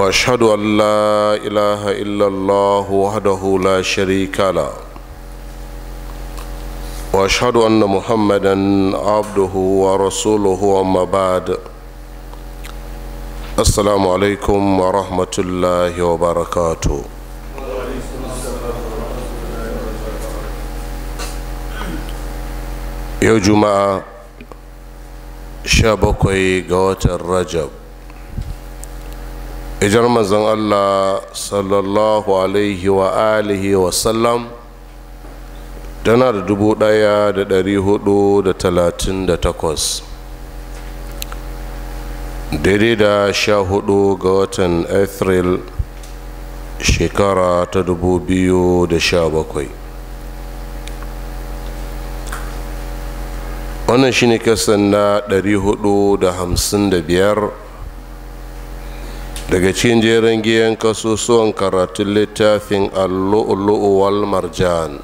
واشهد ان لا اله الا الله وحده لا شريك له واشهد ان محمدا عبده ورسوله وما بعد السلام عليكم ورحمه الله وبركاته يا جماعه شابكوي قوات الرجب ijar manzon allah sallallahu alaihi wa alihi wa sallam tana da dubu daya da dari hudu da talatin da takwas daidai da sha hudu ga watan april shekara ta dubu biyu da sha bakwai wannan shine kasan na dari hudu da hamsin da biyar daga cikin jerin giyan kasusuwan karatun littafin allu'ulu'u wal marjan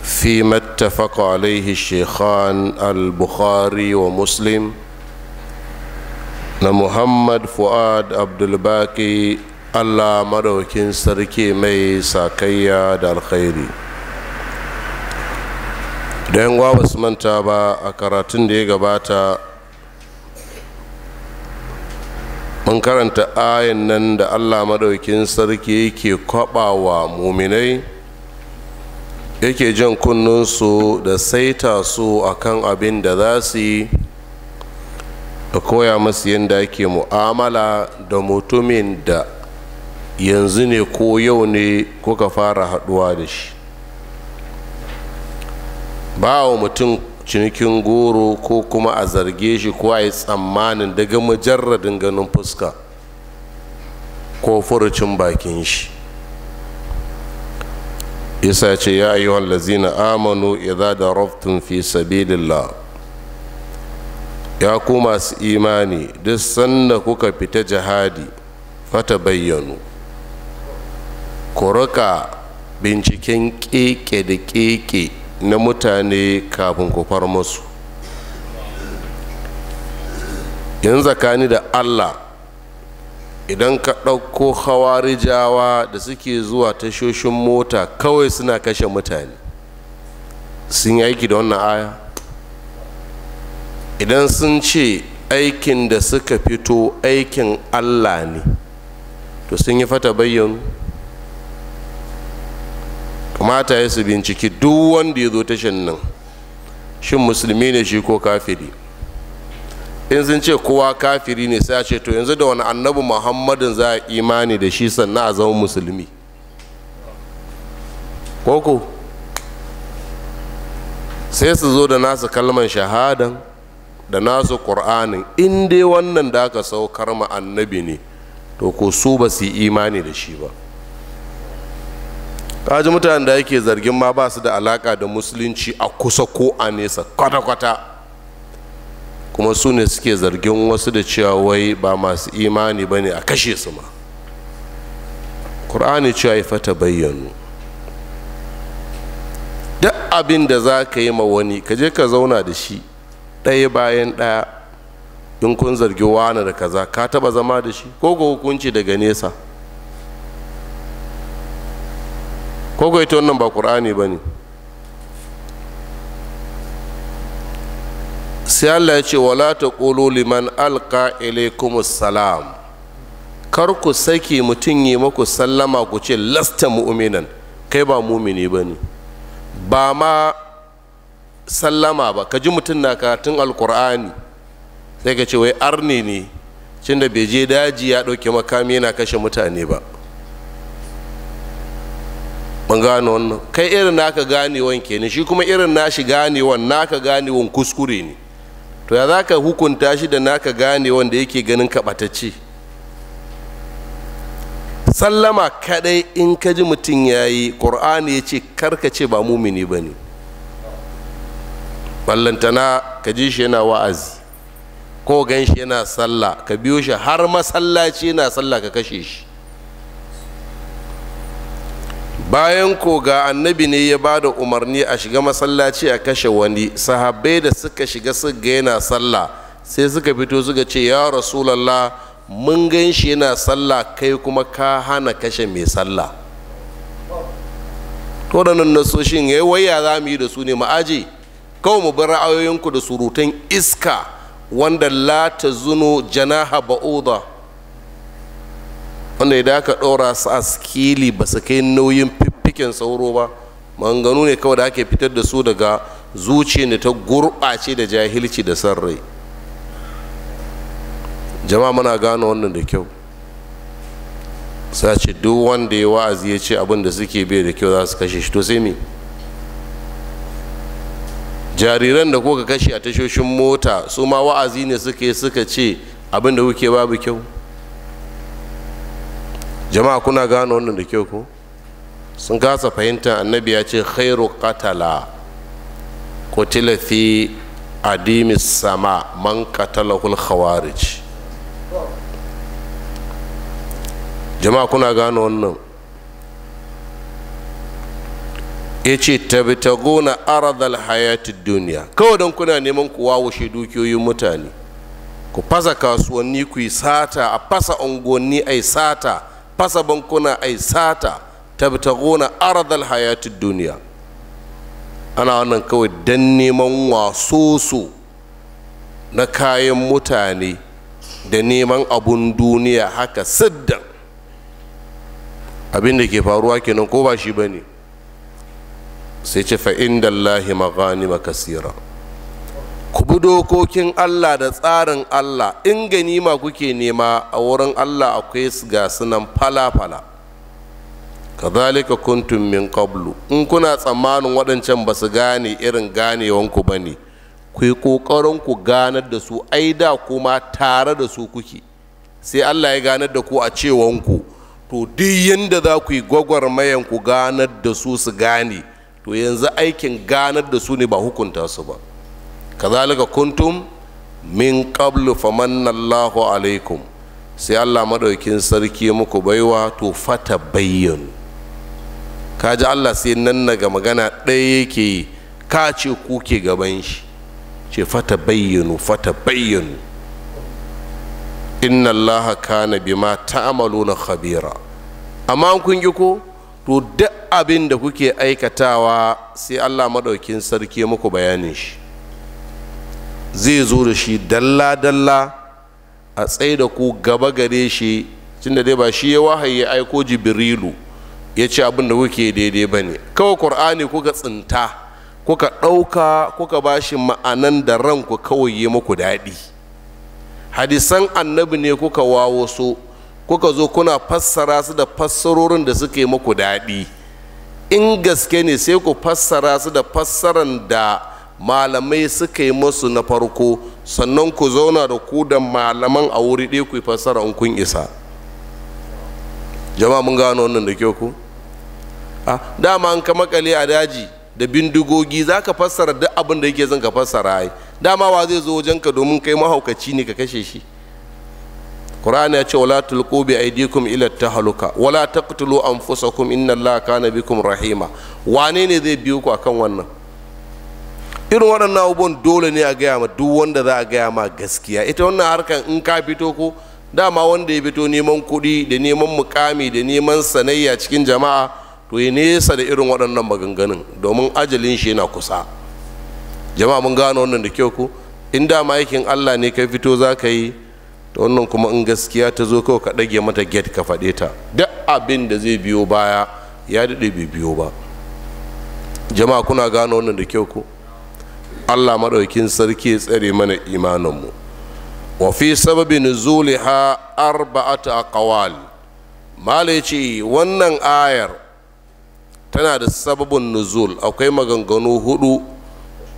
fi matafaka alaihi shekhan al-bukhari wa muslim na muhammad fuad abdulbaki allah madaukin sarki mai sakayya da alkhairi don gwa manta ba a karatun da ya gabata mun karanta ayan nan da allah maɗaukin sarki yake kwaɓawa muminai yake jan kunnunsu da saita su kan abin da za su yi da koya masu yadda ake mu'amala da mutumin da yanzu ne ko yau ne kuka fara haɗuwa da shi ba mutum cinikin goro ko kuma a zarge shi ko a yi tsammanin daga mujarradin ganin fuska ko furucin bakin shi isa ce ya yi wallazina amanu idza da raftun fi sabilillah ya ku masu imani duk sanda kuka fita jihadi fata bayyanu ku rika binciken keke da keke na mutane kafin ku far musu in zakani da allah idan ka ɗauko hawarijawa da suke zuwa tashoshin mota kawai suna kashe mutane sun yi aiki da wannan aya idan sun ce aikin da suka fito aikin allah ne to sun yi fata bayyana kamata ya su binciki duk wanda ya zo tashin nan shin musulmi ne shi ko kafiri in sun ce kowa kafiri ne sai a ce to yanzu da wani annabi muhammadin za a imani da shi sannan a zama musulmi koko sai su zo da nasu kalman shahadan da nasu ƙur'anin in dai wannan da aka saukar ma annabi ne to ko su ba su yi imani da shi ba kaji mutanen da yake zargin ma ba su da alaka da musulunci a kusa ko a nesa kwata-kwata kuma su ne suke zargin wasu da cewa wai ba masu imani ba ne a kashe su ma ƙur'ani cewa ya fata bayyano duk abin da za ka yi ma wani ka je ka zauna da shi ɗaya bayan ɗaya in kun zargi wani da kaza ka taba zama da shi ko ga hukunci daga nesa ko ga ita wannan ba ƙur'ani ba ne sai allah ya ce wala ta ƙolo liman alka ilaikum salam kar ku sake mutum yi maku sallama ku ce lasta mu'minan kai ba mumini ba ne ba ma sallama ba ka ji mutum na katin alkur'ani sai ka ce wai arni ne cin da bai je daji ya ɗauke makami yana kashe mutane ba mun gane wannan kai irin naka ganewan kenan shi kuma irin nashi ganewan naka ganewan kuskure ne to ya za hukunta shi da naka ganewan da yake ganin kaɓatacce sallama kadai in ka ji mutum ya yi ƙur'ani ya ce karka ce ba mumini ba ne ballantana ka ji shi yana wa'azi ko ganshi yana sallah ka biyo shi har masallaci yana sallah ka kashe shi bayan ko ga annabi ne ya ba da umarni a shiga masallaci a kashe wani sahabbai da suka shiga su yana sallah sai suka fito suka ce ya rasulallah mun gan shi yana sallah kai kuma ka hana kashe mai sallah waɗannan nasoshin eh, ya waya za mu yi da su ne ma'aji kawai mu bar ra'ayoyinku da surutan iska wanda la ta zuno janaha ba'uda wanda idan aka ɗora su a skili ba su kai nauyin fiffiken sauro ba manganu ne kawai da ake fitar da su daga zuciya ne ta gurɓace da jahilci da san rai jama'a muna gane wannan da kyau sace duk wanda ya wa'azi ya ce abin da suke bai da kyau za su kashe shi to sai me jariran da kuka kashe a tashoshin mota su ma wa'azi ne suka yi suka ce abin da kuke babu kyau jama'a kuna gano wannan da kyau ko sun kasa fahimta annabi ya ce khairu qatala qutila fi adimi sama man qatalahul khawarij jama'a kuna gano wannan ya ce gona aradal hayatid duniya kawai don kuna neman ku wawushe dukiyoyin mutane ku fasa kasuwanni ku yi sata a fasa unguwanni a yi sata fasa bankuna ai sata tabtaguna aradal hayatid duniya ana wannan kawai dan neman wasoso na kayan mutane da neman abun duniya haka siddan abin da ke faruwa kenan ko ba shi bane ne sai ce fa da Allah maghanima kasira ku bi dokokin Allah da tsarin Allah in ganima kuke nema a wurin Allah akwai su ga sunan fala-fala kazalika kuntum min qablu in kuna tsammanin waɗancan ba su gane irin ganewanku ba ne ku yi ƙoƙarin ku ganar da su ai da kuma tare da su kuke sai Allah ya ganar da ku a cewanku to duk yadda za ku yi gwagwarmayan ku ganar da su su gane to yanzu aikin ganar da su ne ba hukunta su ba kazalika kuntum min qablu famanallahu alaikum sai Allah madaukin sarki muku baiwa to fata bayyan kaji Allah sai nan daga magana ɗaya yake yi ka ce kuke gaban shi ce fata bayyanu fata bayyanu inna Allah kana bima ta'maluna khabira amma kun yi ko to duk abin da kuke aikatawa sai Allah madaukin sarki muku bayanin shi zai zo da shi dalla-dalla a tsaye da ku gaba gare shi tun da dai ba shi ya wahayi ya aiko jibrilu ya ce abin da kuke daidai ba ne kawai ƙur'ani kuka tsinta kuka ɗauka kuka ba shi ma'anan da ranku kawai yi muku daɗi hadisan annabi ne kuka wawo so kuka zo kuna fassara su da fassarorin da suke muku daɗi in gaske ne sai ku fassara su da fassaran da malamai suka yi musu na farko sannan ku zauna da ku da malaman a wuri ɗaya ku yi fassara in kun isa jama'a mun gano wannan da kyau ku a ah, dama an ka makale a daji da bindigogi za ka fassara duk abin da yake zan ka fassara ai dama wa zai zo wajenka domin kai mahaukaci ne ka kashe shi qur'ani ya ce wala tulqu bi aydikum ila tahluka wala taqtulu anfusakum inna allaha kana bikum rahima wane ne zai biyo ku akan wannan irin wannan abubuwan dole ne a gaya ma duk wanda za a gaya ma gaskiya ita wannan harkar in ka fito ko dama wanda ya fito neman kuɗi da neman mukami da neman sanayya cikin jama'a to ya nesa da irin waɗannan maganganun domin ajalin shi yana kusa jama'a mun gane wannan da kyau ko in dama aikin allah ne ka fito za ka yi ta wannan kuma in gaskiya ta zo kawai ka ɗage mata get ka faɗe ta duk abin da zai biyo baya ya daɗe bai biyo ba jama'a kuna gane wannan da kyau ko allah maɗaukin sarki ya tsare mana imaninmu wa fi sababi nuzuliha arba'ata aqwal malai ce wannan ayar tana da sababin nuzul akwai maganganu hudu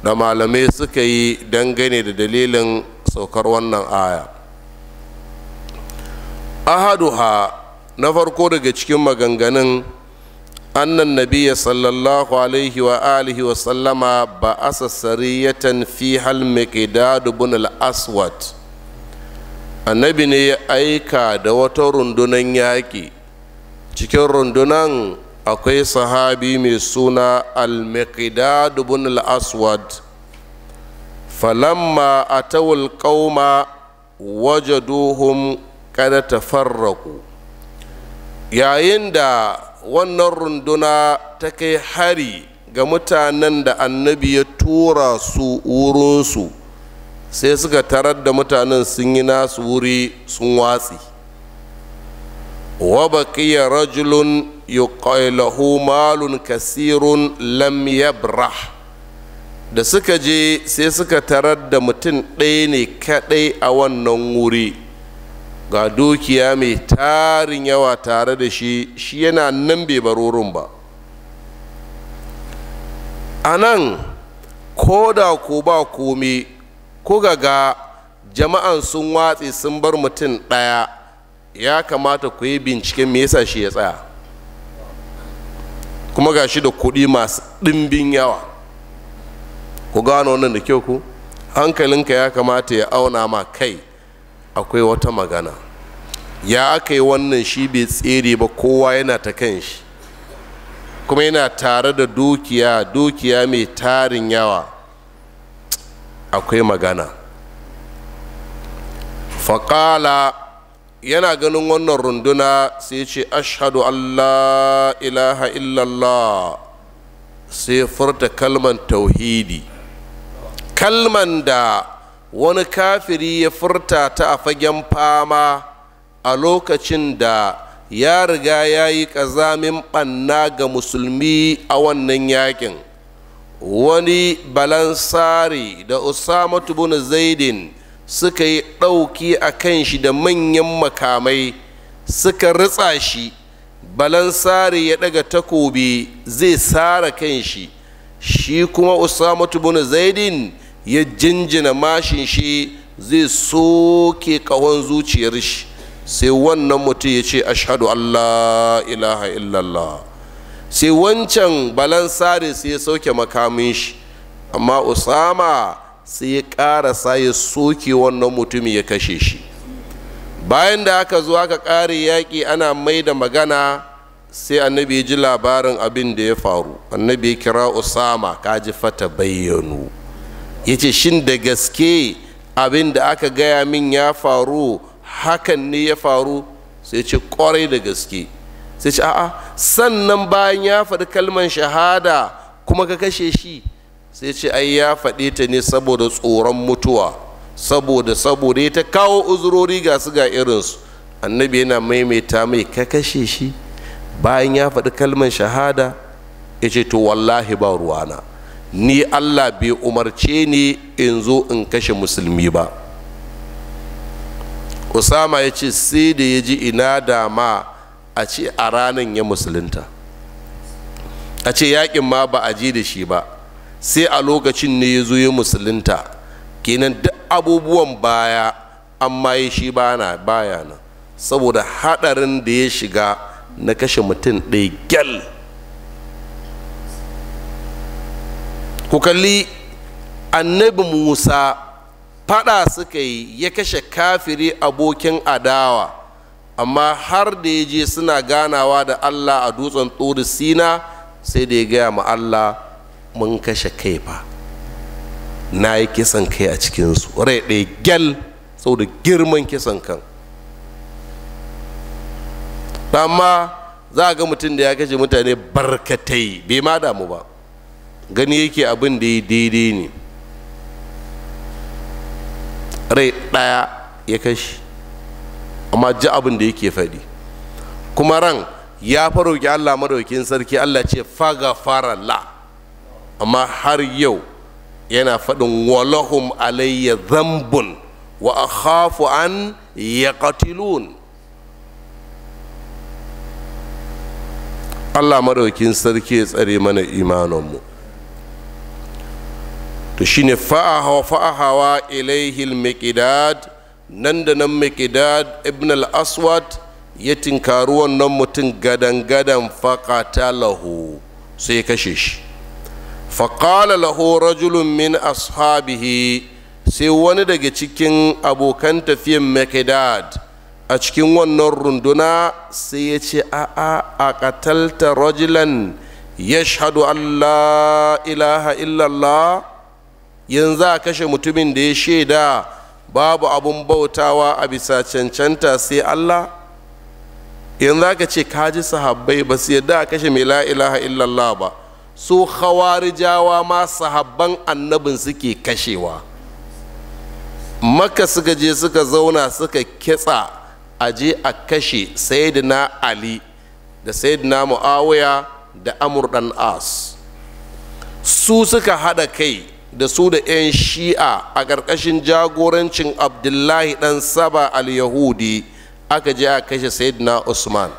da malamai suka yi dangane da dalilin saukar wannan aya ahaduha na farko daga cikin maganganun annan nabiya sallallahu alaihi wa alihi wa sallama ba asa sariyatan fi hal miqdad ibn al-aswad annabi ne ya aika da wata rundunan yaƙi cikin rundunan akwai sahabi mai suna al-miqdad ibn al-aswad falamma atawul qauma wajaduhum kada tafarraku yayin da wannan runduna ta kai hari ga mutanen da annabi ya tura su wurinsu sai suka tarar da mutanen sun yi nasu wuri sun watsi wa baqiya rajulun yuqailahu malun kasirun lam Yabra da suka je sai suka tarar da mutum ɗaya ne kaɗai a wannan wuri ga dukiya mai tarin yawa tare da shi shi yana nan bai barorin ba a nan ko da ko ba komi ko ga ga jama'an sun watse sun bar mutum ɗaya ya kamata ku yi binciken me yasa shi ya tsaya kuma ga shi da kuɗi masu ɗimbin yawa ku gano nan da kyau ku hankalinka ya kamata ya auna ma kai akwai wata magana ya aka yi wannan shi bai tsere ba kowa yana ta kan shi kuma yana tare da dukiya dukiya mai tarin yawa akwai magana faƙala yana ganin wannan runduna sai ce ashadu allah ilaha illallah sai furta kalman tauhidi kalman da wani kafiri ya furta ta a fagen fama a lokacin da ya riga ya yi ƙazamin ɓanna ga musulmi a wannan yakin wani balansari da usama bin zaidin suka yi ɗauki a kan shi da manyan makamai suka ritsa shi balansari ya ɗaga takobi zai sara kan shi shi kuma usama bin zaidin ya jinjina mashin shi zai soke ƙahon zuciyar shi sai wannan mutum ya ce ashadu allah ilaha illallah sai wancan balan sare sai ya sauke makamin shi amma usama sai ya ƙarasa ya soke wannan mutum ya kashe shi bayan da aka zo aka ƙare yaƙi ana mai da magana sai annabi ya ji labarin abin da ya faru annabi ya kira usama kaji fata bayyano ya ce shin da gaske abin da aka gaya min ya faru hakan ne ya faru sai ce kwarai da gaske sai ce a'a sannan bayan ya faɗi kalman shahada kuma ka kashe shi sai ce ai ya faɗe ta ne saboda tsoron mutuwa saboda saboda ya ta kawo uzurori ga su ga irinsu annabi yana maimaita mai ka kashe shi bayan ya faɗi kalman shahada ya ce to wallahi ba ruwana ni allah bai umarce ni in zo in kashe musulmi ba usama ya ce sai da ya ji ina dama a ce a ranar ya musulunta a ce yakin ma ba a ji da shi ba sai a lokacin ne ya zo ya musulunta kenan duk abubuwan baya amma ya shi bana baya na saboda hadarin da ya shiga na kashe mutum ɗaya gyal ku kalli annabi musa fada suka yi ya kashe kafiri abokin adawa amma har da ya je suna ganawa da allah a dutsen tsori sina sai da ya gaya ma allah mun kashe kai fa na yi kisan kai a cikinsu rai ɗaya gyal saboda girman kisan kan amma za ga mutum da ya kashe mutane barkatai bai ma damu ba gani yake abin da ya daidai ne rai ɗaya ya kashi amma ji abin da yake faɗi kuma ran ya faroki allah madaukin sarki allah ce faga fara la amma har yau yana faɗin walahum alayya zambun wa akhafu an ya allah madaukin sarki ya tsare mana mu to shine fa'ahawa fa'ahawa ilaihil mekidad nan da nan mekidad ibn al-aswad ya tinkari wannan mutum gadan-gadan lahu sai kashe shi faƙala lahu rajulun min ashabihi sai wani daga cikin abokan tafiyan makidad a cikin wannan runduna sai ya ce a'a a ƙatalta rajulan ya shahadu allah ilaha illallah yanzu a kashe mutumin da ya shaida babu abun bautawa a bisa cancanta sai allah yanzu aka ce kaji sahabbai ba su yadda a kashe mai la'ilaha illallah ba su khawarijawa ma sahabban annabin suke kashewa maka suka je suka zauna suka kitsa a je a kashe sayyidina ali da sayyidina mu'awiya da amur dan as su suka haɗa kai da su da 'yan shi'a a ƙarƙashin jagorancin abdullahi ɗan saba al-yahudi aka je a kashe sayyidina usman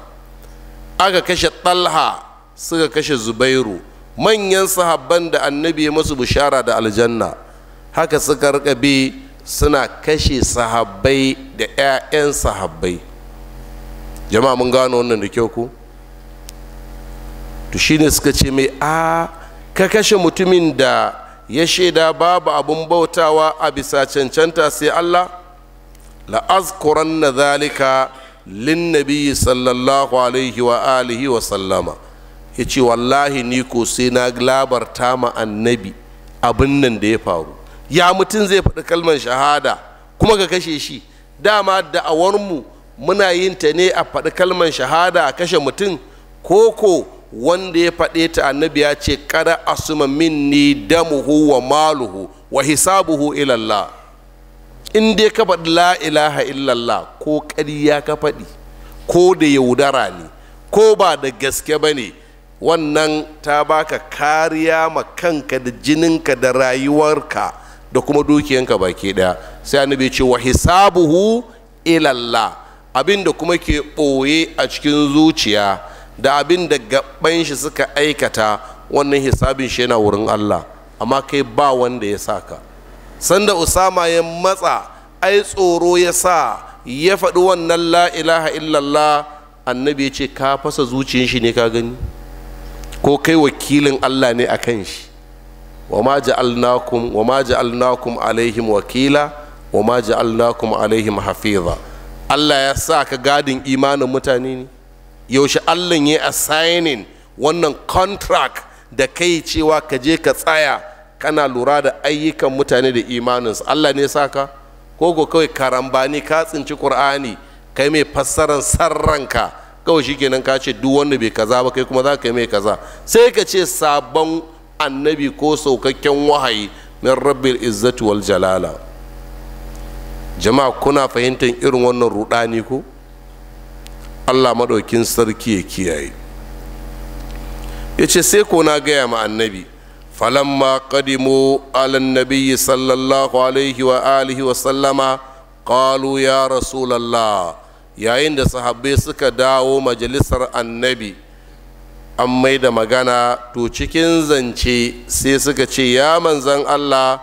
aka kashe ɗalha suka kashe zubairu manyan sahabban da annabi ya musu bishara da aljanna haka suka rika suna kashe sahabbai da 'ya'yan sahabbai jama'a mun gano wannan da kyau ku to shine suka ce mai a ka kashe mutumin da ya shaida babu abin bautawa a bisa cancanta sai Allah azkuran na zalika nabi sallallahu alaihi wa alihi wa sallama ya ce wallahi ni ko sai na labarta ma annabi abin nan da ya faru ya mutum zai faɗi kalmar shahada kuma ka kashe shi dama da'awarmu muna yin ta ne a faɗi kalmar shahada a kashe mutum koko wanda ya faɗe ta annabi ya ce kada asuma minni damuhu wa maluhu wa hisabuhu ilallah in dai ka faɗi la ilaha illallah ko ƙarya ka faɗi ko da yaudara ne ko ba da gaske ba ne wannan ta baka kariya ma kanka da jininka da rayuwarka da kuma dukiyanka baki ɗaya sai annabi ce wa hisabuhu ilallah abin da kuma ke ɓoye a cikin zuciya da abin da gaban shi suka aikata wannan hisabin shi yana wurin Allah amma kai ba wanda ya saka sanda usama ya matsa ai tsoro ya sa ya faɗi wannan la ilaha illallah annabi ya ce ka fasa zuciyar shi ne ka gani ko kai wakilin Allah ne a kan shi wa ma ja'alnakum wa ma ja'alnakum alaihim wakila wa ma ja'alnakum alaihim hafiza Allah ya sa ka gadin imanin mutane ne yaushe allah ya assigning wannan contract da kai cewa ka je ka tsaya kana lura da ayyukan mutane da imaninsu allah ne saka ka ko kawai karambani ka tsinci qur'ani kai mai fassarar sarranka kawai shikenan ka ce duk wanda bai kaza ba kai kuma za ka yi mai kaza sai ka ce sabon annabi ko saukakken wahayi na rabbil izzati wal jalala jama'a kuna fahimtar irin wannan rudani ko allah maɗaukin sarki ya kiyaye ya ce sai ko na gaya ma annabi falamma qadimu alan nabiyyi sallallahu alaihi wa alihi wa sallama qalu ya rasulallah yayin da sahabbai suka dawo majalisar annabi an mai da magana to cikin zance sai suka ce ya manzan allah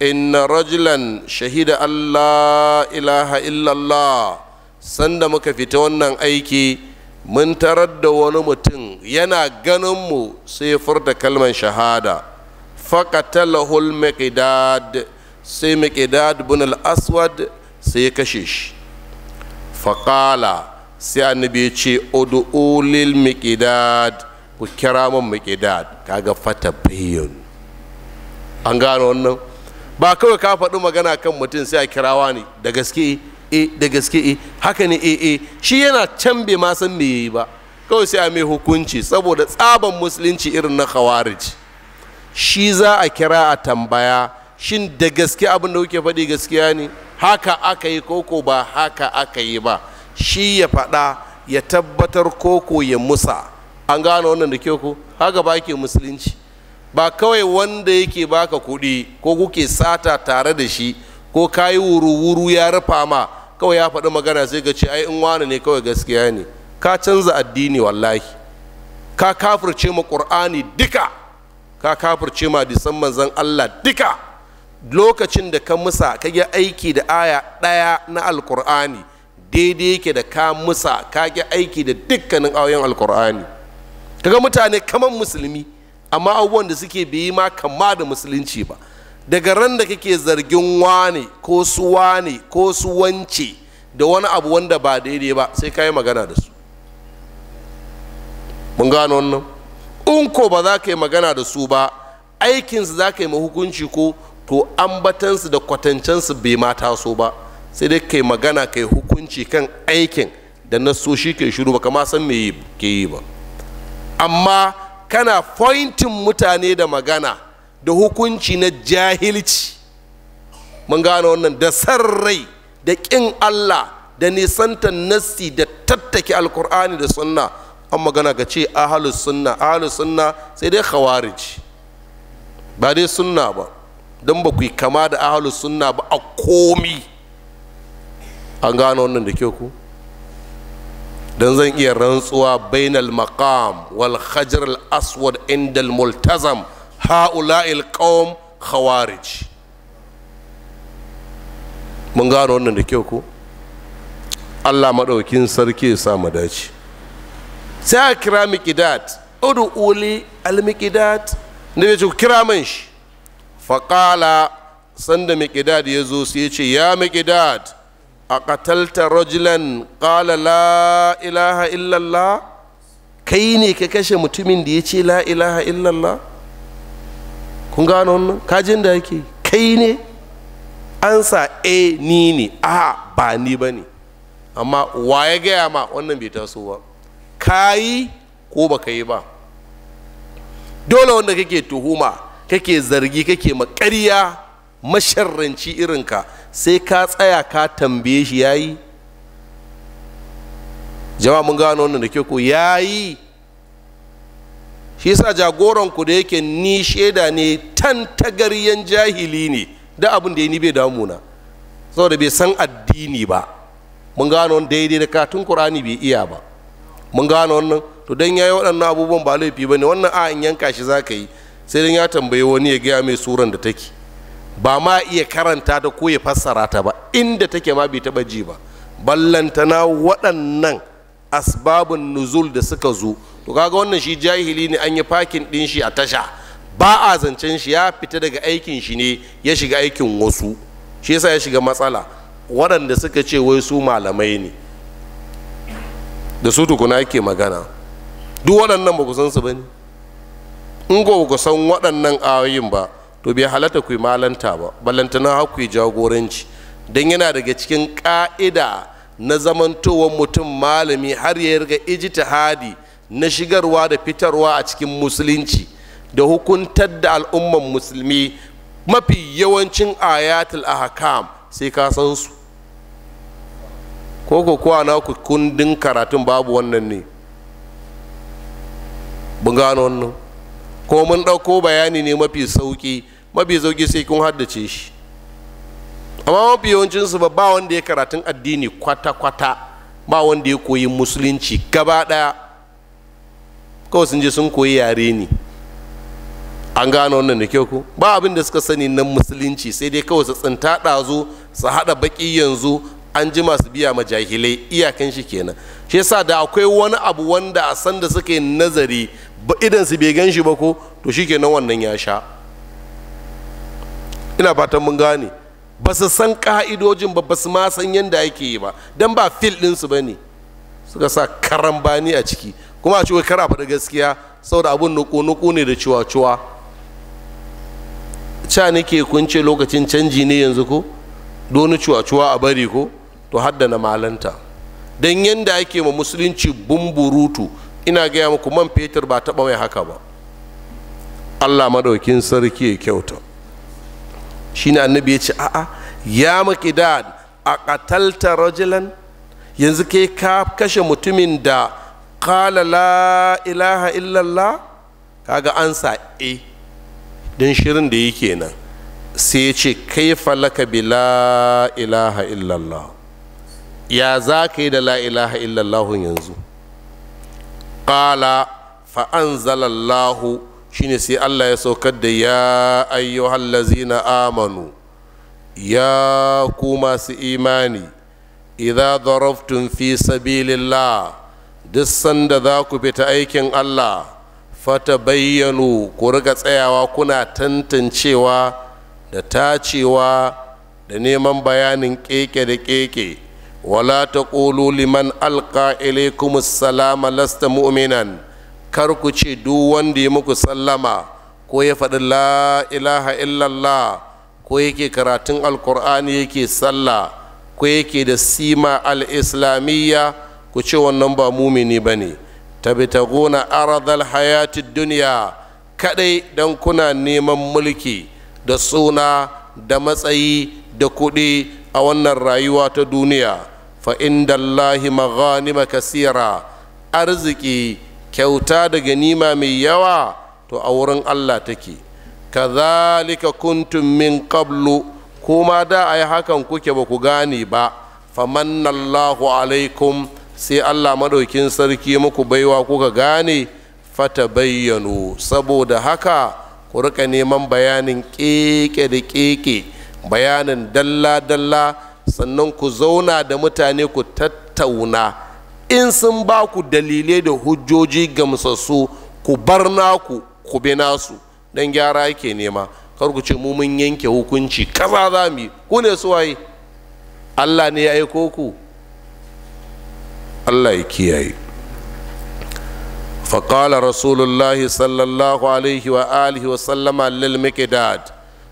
inna rajulan shahida allah ilaha illallah sanda muka fita wannan aiki mun tarar da wani mutum yana ganin mu sai ya furta kalmar shahada faqatalahul miqdad sai miqdad bin al-aswad sai ya kashe shi faqala sai annabi ya ce ud'u lil miqdad ku kira min miqdad kaga fatabayyun an gano wannan ba kawai ka faɗi magana kan mutum sai a kirawa ne da gaske e da gaske e haka ne e e shi yana can bai ma san me yayi ba kawai sai a mai hukunci saboda tsaban musulunci irin na khawarij shi za a kira a tambaya shin da gaske abin da kuke faɗi gaskiya ne haka aka yi koko ba haka aka yi ba shi ya faɗa ya tabbatar koko ya musa an gane wannan da kyau ko haka ba ke musulunci ba kawai wanda yake baka kuɗi ko kuke sata tare da shi ko kayi wuru-wuru ya rufa ma kawai ya faɗi magana sai ka ce ai in wani ne kawai gaskiya ne ka canza addini wallahi ka kafirce ma ƙur'ani duka ka kafirce ma disan manzan Allah duka lokacin da ka musa ka yi aiki da aya ɗaya na alƙur'ani daidai yake da ka musa ka yi aiki da dukkanin ayoyin alƙur'ani kaga mutane kamar musulmi amma abubuwan da suke bai ma kama da musulunci ba daga ran da kake zargin wane ko su wane ko su wance da wani abu wanda ba daidai ba sai ka yi magana da su mun gano wannan in ko ba za ka yi magana da su ba aikinsu za ka yi mahukunci ko to ambatansu da kwatancensu bai mata taso ba sai dai kai magana kai hukunci kan aikin da na so shi yi shiru ba kama san me ke yi ba amma kana fointin mutane da magana da hukunci na jahilci mun gane wannan da rai da ƙin allah da nisanta nassi da tattake alkur'ani da sunna an magana ga ce ahalus sunna ahalus sunna sai dai khawarij ba dai sunna ba don ba ku yi kama da ahalus sunna ba a komi an gane wannan da kyau ku don zan iya rantsuwa bainal maqam wal hajar al aswad inda multazam ha'ula'il qawm khawarij mun gano wannan da kyau ko Allah maɗaukin sarki ya sa mu dace sai a kira miqdad udu uli al miqdad ne ce kira man shi faƙala sanda miƙidad ya zo sai ya ce ya miƙidad a ƙatalta rajulan ƙala la ilaha illallah kai ne ka kashe mutumin da ya ce la ilaha illallah kun gano wannan kajin da yake kai ne an sa a eh, ni ne a ba ni ba ne amma wa ya gaya ma wannan bai taso ba ka yi ko ba ka yi ba dole wanda kake tuhuma kake zargi kake makarya masharranci irinka sai ka tsaya ka tambaye shi ya yi jama'a mun gano wannan da ke ko ya yi shi yasa jagoran ku da yake ni shaida ne tan tagaryen jahili ne da abin da ya ni bai na saboda bai san addini ba mun gano daidai da katun qur'ani bai iya ba mun gano wannan to dan yayi waɗannan abubuwan ba laifi ba ne wannan a in yanka shi zaka yi sai dan ya tambayi wani ya gaya mai suran da take ba ma iya karanta da ko ya fassara ta ba inda take ma bai taba ji ba ballantana waɗannan asbabun nuzul da suka zo to kaga wannan shi jahili ne an yi fakin din shi a tasha ba a zancen shi ya fita daga aikin shi ne ya shiga aikin wasu shi yasa ya shiga matsala waɗanda suka ce wai su malamai ne da su tukuna ake magana duk waɗannan ba ku san su ba ne in ko ku san waɗannan ayoyin ba to bai halatta ku yi malanta ba ballantana har ku jagoranci don yana daga cikin ƙa'ida na zamantowar mutum malami har ya riga ijtihadi hadi na shigarwa da fitarwa a cikin musulunci da hukuntar da al'umman musulmi mafi yawancin ayatul ahkam sai ka san su ko ko kuwa na ku kundin karatun babu wannan ne bun gano wannan ko mun ɗauko bayani ne mafi sauƙi mafi sauƙi sai kun haddace shi amma mafi yawancinsu ba ba wanda ya karatun addini kwata-kwata ba wanda ya koyi musulunci gaba ɗaya kawai sun je sun koyi yare ne an gano wannan da kyau ku ba abin da suka sani nan musulunci sai dai kawai su tsinta ɗazu su haɗa baƙi yanzu an ji masu biya ma jahilai iyakan shi kenan shi yasa da akwai wani abu wanda a san da suke nazari ba idan su bai gan ba ko to shi kenan wannan ya sha ina fatan mun gane ba su san ka'idojin ba ba su ma san yadda ake yi ba don ba fil ɗinsu ba ne suka sa karambani a ciki kuma a ce kar a faɗi gaskiya saboda abun nuku-nuku ne da ciwa-ciwa ca nake kun ce lokacin canji ne yanzu ko doni ciwa-ciwa a bari ko to haddana malanta don yadda ake ma musulunci bumburutu ina gaya muku man fetur ba taba mai haka ba allah madaukin sarki ya kyauta shi ne annabi ya ce a'a ya da a rajulan yanzu kai ka kashe mutumin da qala la ilaha illallah kaga ansa e din shirin da yake nan sai ya ce kaifa laka bi la ilaha illallah ya za ka yi da la ilaha illallah yanzu qala fa anzalallahu shine sai Allah ya saukar da ya ayyuhallazina amanu ya ku masu imani idza darabtum fi sabilillah duk sanda za ku fita aikin allah fata bayyanu ku riga tsayawa kuna tantancewa da tacewa da neman bayanin keke da keke wala ta liman alka ilaikum salama lasta mu'minan kar ku ce duk wanda ya muku sallama ko ya faɗi la ilaha illallah ko yake karatun alkur'ani yake sallah ko yake da sima al-islamiyya ku ce wannan ba mumini ba ne gona aradal hayati duniya kadai don kuna neman mulki da suna da matsayi da kuɗi a wannan rayuwa ta duniya fa inda Allahi maghanima kasira arziki kyauta da ganima mai yawa to a wurin Allah take kazalika kuntum min qablu kuma da a yi hakan kuke ba ku gane ba famanallahu alaikum alaikum sai allah maɗaukin sarki muku baiwa kuka gane fata bayyano saboda haka ku rika neman bayanin keke da keke bayanin dalla-dalla sannan ku zauna da mutane ku tattauna in sun ba ku dalilai da hujjoji gamsassu ku bar naku ku bi nasu don gyara ke nema kar ku ce mu yanke hukunci kaza za mu yi ku ne suwaye allah ne ya aiko ku allah ya kiyaye faƙala rasulullahi sallallahu alaihi wa alihi wa sallama lil mikidad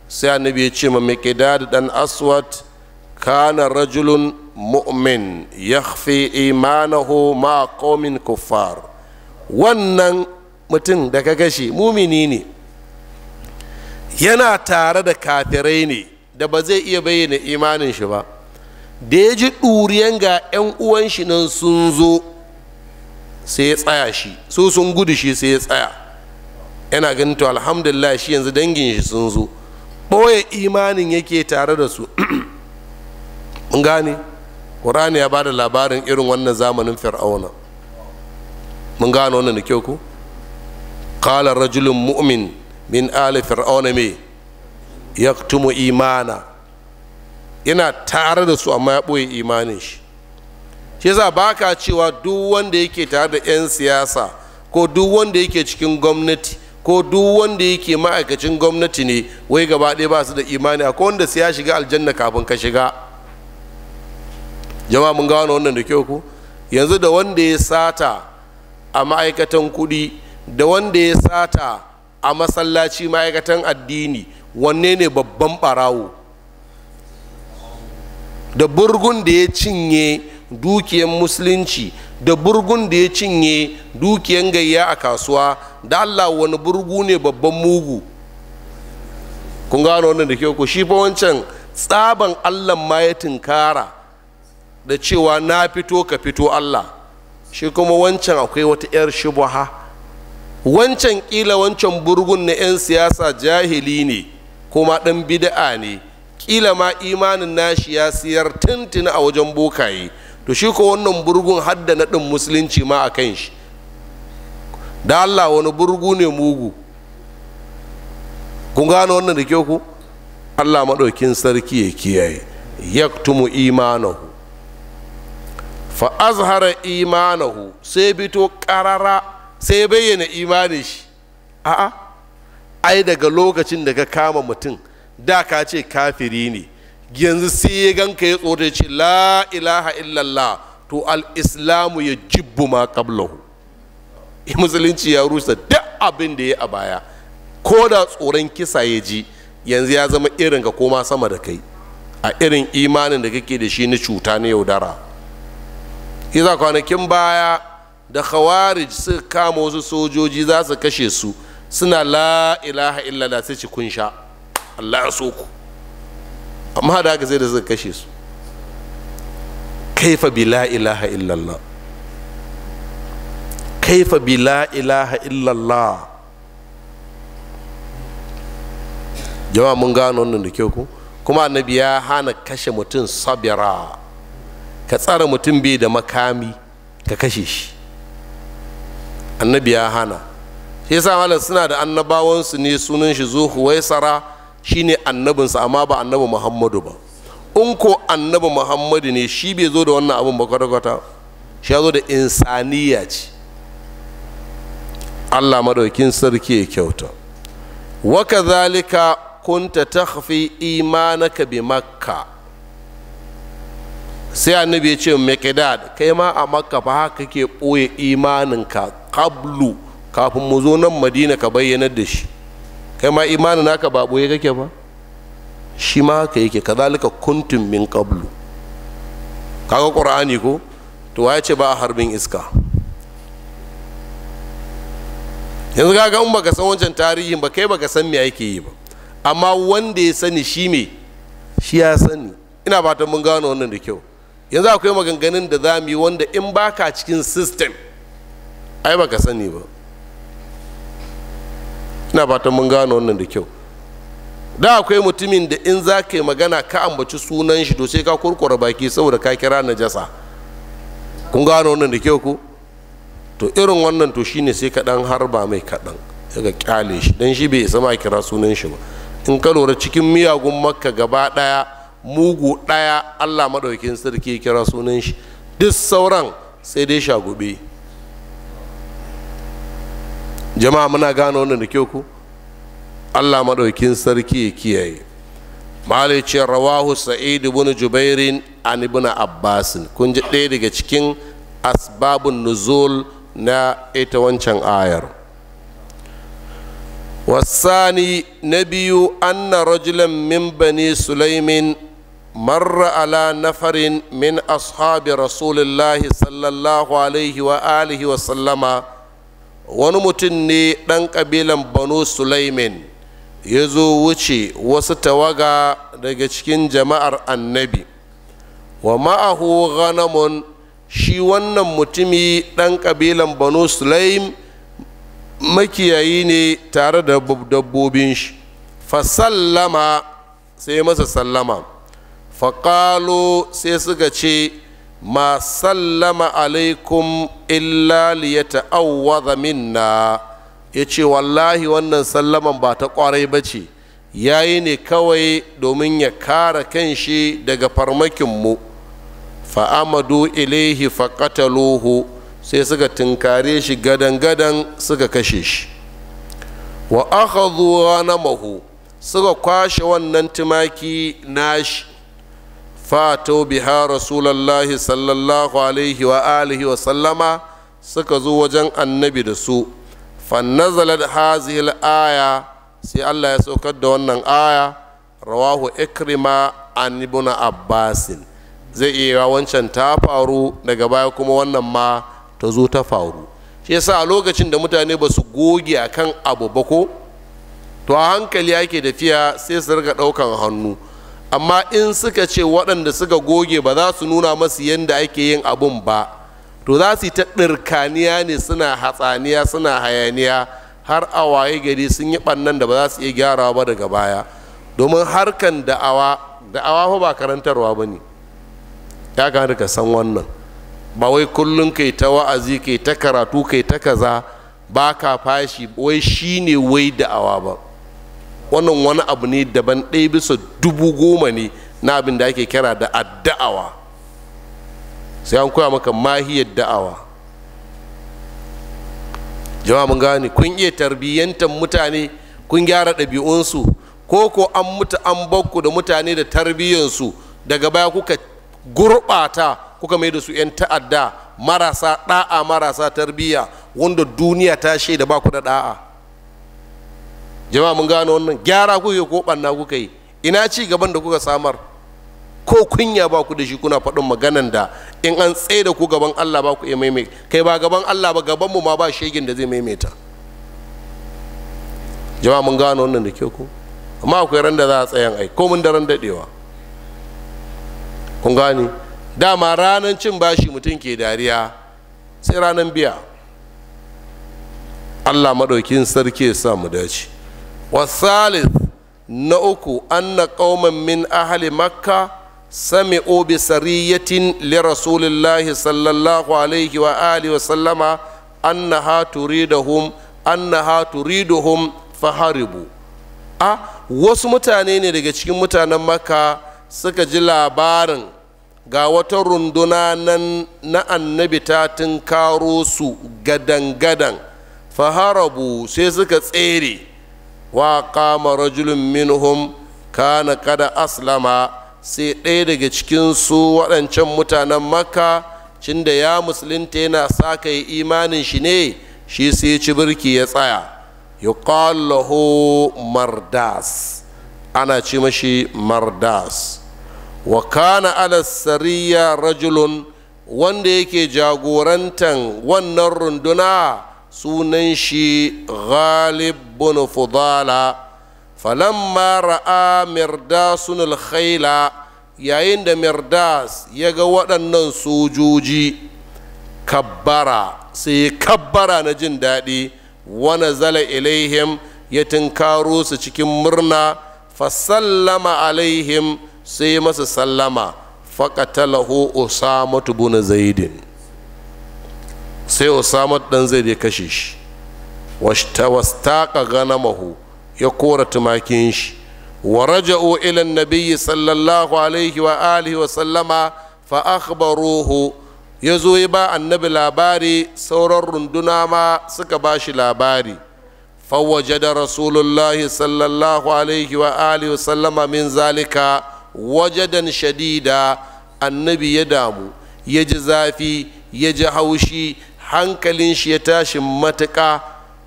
sai annabi ya ce ma ɗan dan aswad kana rajulun mu'min yakhfi imanahu ma qaumin kuffar wannan mutum da ka gashi mumini ne yana tare da kafirai ne da ba zai iya bayyana imanin shi ba da ya ji ɗuriyan ga 'yan uwan shi nan sun zo sai ya tsaya shi so sun gudu shi sai ya tsaya yana ganin to alhamdulillah shi yanzu dangin shi sun zo ɓoye imanin yake tare da su mun gane ƙur'ani ya bada labarin irin wannan zamanin fir'auna mun gane wannan da kyau ku qala rajulun mu'min min ali fir'auna me yaktumu imana yana tare da su amma ya ɓoye imanin shi shi yasa ba ka cewa duk wanda yake tare da 'yan siyasa ko duk wanda yake cikin gwamnati ko duk wanda yake ma'aikacin gwamnati ne wai gaba ɗaya ba su da imani akwai wanda su ya shiga aljanna kafin ka shiga jama'a mun gano wannan da kyau ku yanzu da wanda ya sata a ma'aikatan kuɗi da wanda ya sata a masallaci ma'aikatan addini wanne ne babban ɓarawo da burgun da ya cinye dukiyar musulunci da burgun da ya cinye dukiyar gayya a kasuwa da allah wani burgu ne babban mugu kun gano wannan da kyau ko shi fa wancan tsaban allah ma ya tunkara da cewa na fito ka fito allah shi kuma wancan akwai wata 'yar shubaha wancan kila wancan burgun na 'yan siyasa jahili ne kuma ɗan bida'a ne kila ma imanin nashi ya siyar tuntuni a wajen bokaye to shi ko wannan burgun hadda na ɗin musulunci ma a kan shi da allah wani burgu ne mugu kun gano wannan da ke ku allah maɗaukin sarki ya kiyaye yaktumu imanahu fa azhara imanahu sai bito ƙarara sai bayyana imanin shi a'a ai daga lokacin da ka kama mutum da ka ce kafiri ne yanzu sai ya ganka ya tsoro ce la ilaha illallah to al-islamu ya jibbu ma qablahu musulunci ya rusa duk abin da ya a baya ko da tsoron kisa ya ji yanzu ya zama irin ka koma sama da kai a irin imanin da kake da shi na cuta na yaudara iza kwanakin baya da khawarij suka kama wasu sojoji za su kashe su suna la ilaha illallah sai ci kun sha Allah ya so ku amma da haka sai da suka kashe su kaifa bi la ilaha illallah kaifa bi la ilaha illallah jama'a mun gano wannan da kyau ku kuma annabi ya hana kashe mutum sabira ka tsara mutum bai da makami ka kashe shi annabi ya hana shi yasa malam suna da annabawansu ne sunan shi zo Sara. shine annabinsa amma ba annabi muhammadu ba in ko annabi muhammadu ne shi bai zo da wannan abin ba kwata shi ya zo da insaniya ce allah madaukin sarki ya kyauta waka zalika kunta ta hafi imanaka bi makka sai annabi ya ce mekidad kai ma a makka fa haka ke ɓoye imaninka kablu kafin mu zo nan madina ka bayyanar da shi kai ma imanin naka ba ɓoye kake ba shi ma haka yake kazalika kuntum min qablu kaga qur'ani ko to ya ce ba a harbin iska yanzu kaga in baka san wancan tarihin ba kai baka san me yake yi ba amma wanda ya sani shi me shi ya sani ina fatan mun gano wannan da kyau yanzu akwai maganganun da za mu yi wanda in baka cikin system ai baka sani ba ina fatan mun gano wannan da kyau da akwai mutumin da in za ka yi magana ka ambaci sunan shi to sai ka kurkura baki saboda ka kira najasa kun gano wannan da kyau ku to irin wannan to shine sai ka dan harba mai kaɗan daga kyale shi dan shi bai isa ma kira sunan shi ba in ka lura cikin miyagun makka gaba ɗaya mugu ɗaya allah maɗaukin sarki kira sunan shi duk sauran sai dai shagube jama'a muna gane wannan da kyau ku allah maɗaukin sarki ya kiyaye malicin rawahu sa'id ibn jubairin an ibn abbasin kun ji ɗaya daga cikin asbabun nuzul na ita wancan ayar wasani na biyu anna rajulan min bani sulaimin marra ala nafarin min ashabi rasulullahi sallallahu alaihi wa alihi wa sallama. wani mutum ne ɗan ƙabilan banu sulaimin ya zo wuce wasu tawaga daga cikin jama'ar annabi wa ma'ahu ghanamun shi wannan mutumi ɗan ƙabilan banu sulaim makiyayi ne tare da dabbobin shi fasallama sai masa sallama faƙalo sai suka ce ma sallama alaikum illa liyata'awwadha minna yace wallahi wannan sallaman ba ta kwarai bace yayi ne kawai domin ya kara kanshi daga farmakin mu fa'amadu ilaihi faqataluhu sai suka tunkare shi gadan-gadan suka kashe shi wa akhadhu namahu suka kwashe wannan tumaki nashi fato biha rasulallahi sallallahu alaihi wa alihi wa sallama suka zo wajen annabi da su fannazalat hazihil aya sai allah ya saukar da wannan aya rawahu ikrima an ibn abbasin zai iya wancan ta faru daga baya kuma wannan ma ta zo ta faru shi yasa a lokacin da mutane ba su goge a kan abu ba ko to a hankali ake tafiya sai su rika ɗaukan hannu amma in suka ce waɗanda suka goge ba za su nuna masu yadda ake yin abun ba to za su yi ta ɗirkaniya ne suna hatsaniya suna hayaniya har awaye gari sun yi ɓannan da ba za su iya gyarawa ba daga baya domin harkan da'awa da'awa ba karantarwa ba ne ya kamata ka san wannan ba wai kullum kai ta wa'azi kai ta karatu kai ta kaza ba ka fashi wai shine wai da'awa ba wannan wani abu ne daban ɗaya bisa dubu goma ne na abin da ake kira da adda'awa sai an koya maka mahiyar da'awa jama'a mun gane kun iya tarbiyyantar mutane kun gyara ɗabi'unsu ko ko an mutu an bakku da mutane da tarbiyyansu daga baya kuka gurɓata kuka mai da su 'yan ta'adda marasa ɗa'a marasa tarbiyya wanda duniya ta shaida ba ku da ɗa'a jama'a mun gano wannan gyara kuke ko ɓanna kuka yi ina ci gaban da kuka samar ko kunya ba ku da shi kuna faɗin maganan da in an tsaye da ku gaban allah ba ku iya maimaita kai ba gaban allah ba gaban mu ma ba shegin da zai maimaita jama'a mun gano wannan da ke ko amma akwai ran da za a tsayan ai ko mun da ran daɗewa kun gane dama ranar cin bashi mutum ke dariya sai ranar biya allah maɗaukin sarki ya sa mu dace wasalis na uku anna qauman min ahli makka sami'u bi sariyatin li rasulillahi sallallahu alaihi wa alihi wa sallama annaha turiduhum annaha turiduhum a wasu mutane ne daga cikin mutanen makka suka ji labarin ga wata runduna nan na annabi ta tunkaro su gadan-gadan faharabu sai suka tsere wa kama rajulun minhum kana kada aslama sai ɗaya daga cikin su waɗancan mutanen makka cin da ya musulunta yana sa ka yi imanin shi ne shi sai ci birki ya tsaya yuqallahu mardas ana ce mashi mardas wa kana ala sariya rajulun wanda yake jagorantan wannan runduna sunan shi ghalib bin fudala falamma ra'a mirdasun alkhaila yayin da mirdas ya ga waɗannan sojoji kabbara sai kabbara na jin daɗi wani zala ilaihim ya tunkaro su cikin murna fasallama alaihim sai masa sallama faƙatalahu usamatu bin zaidin sai usama dan zai ya kashe shi wastaka ganamahu ya kora tumakin shi wa raja'u ila an sallallahu alaihi wa alihi wa sallama fa akhbaruhu ya zo ya ba annabi labari sauran runduna ma suka ba shi labari da rasulullahi sallallahu alaihi wa alihi sallama min zalika wajadan shadida annabi ya damu ya ji zafi ya ji haushi hankalin shi ya tashi matuƙa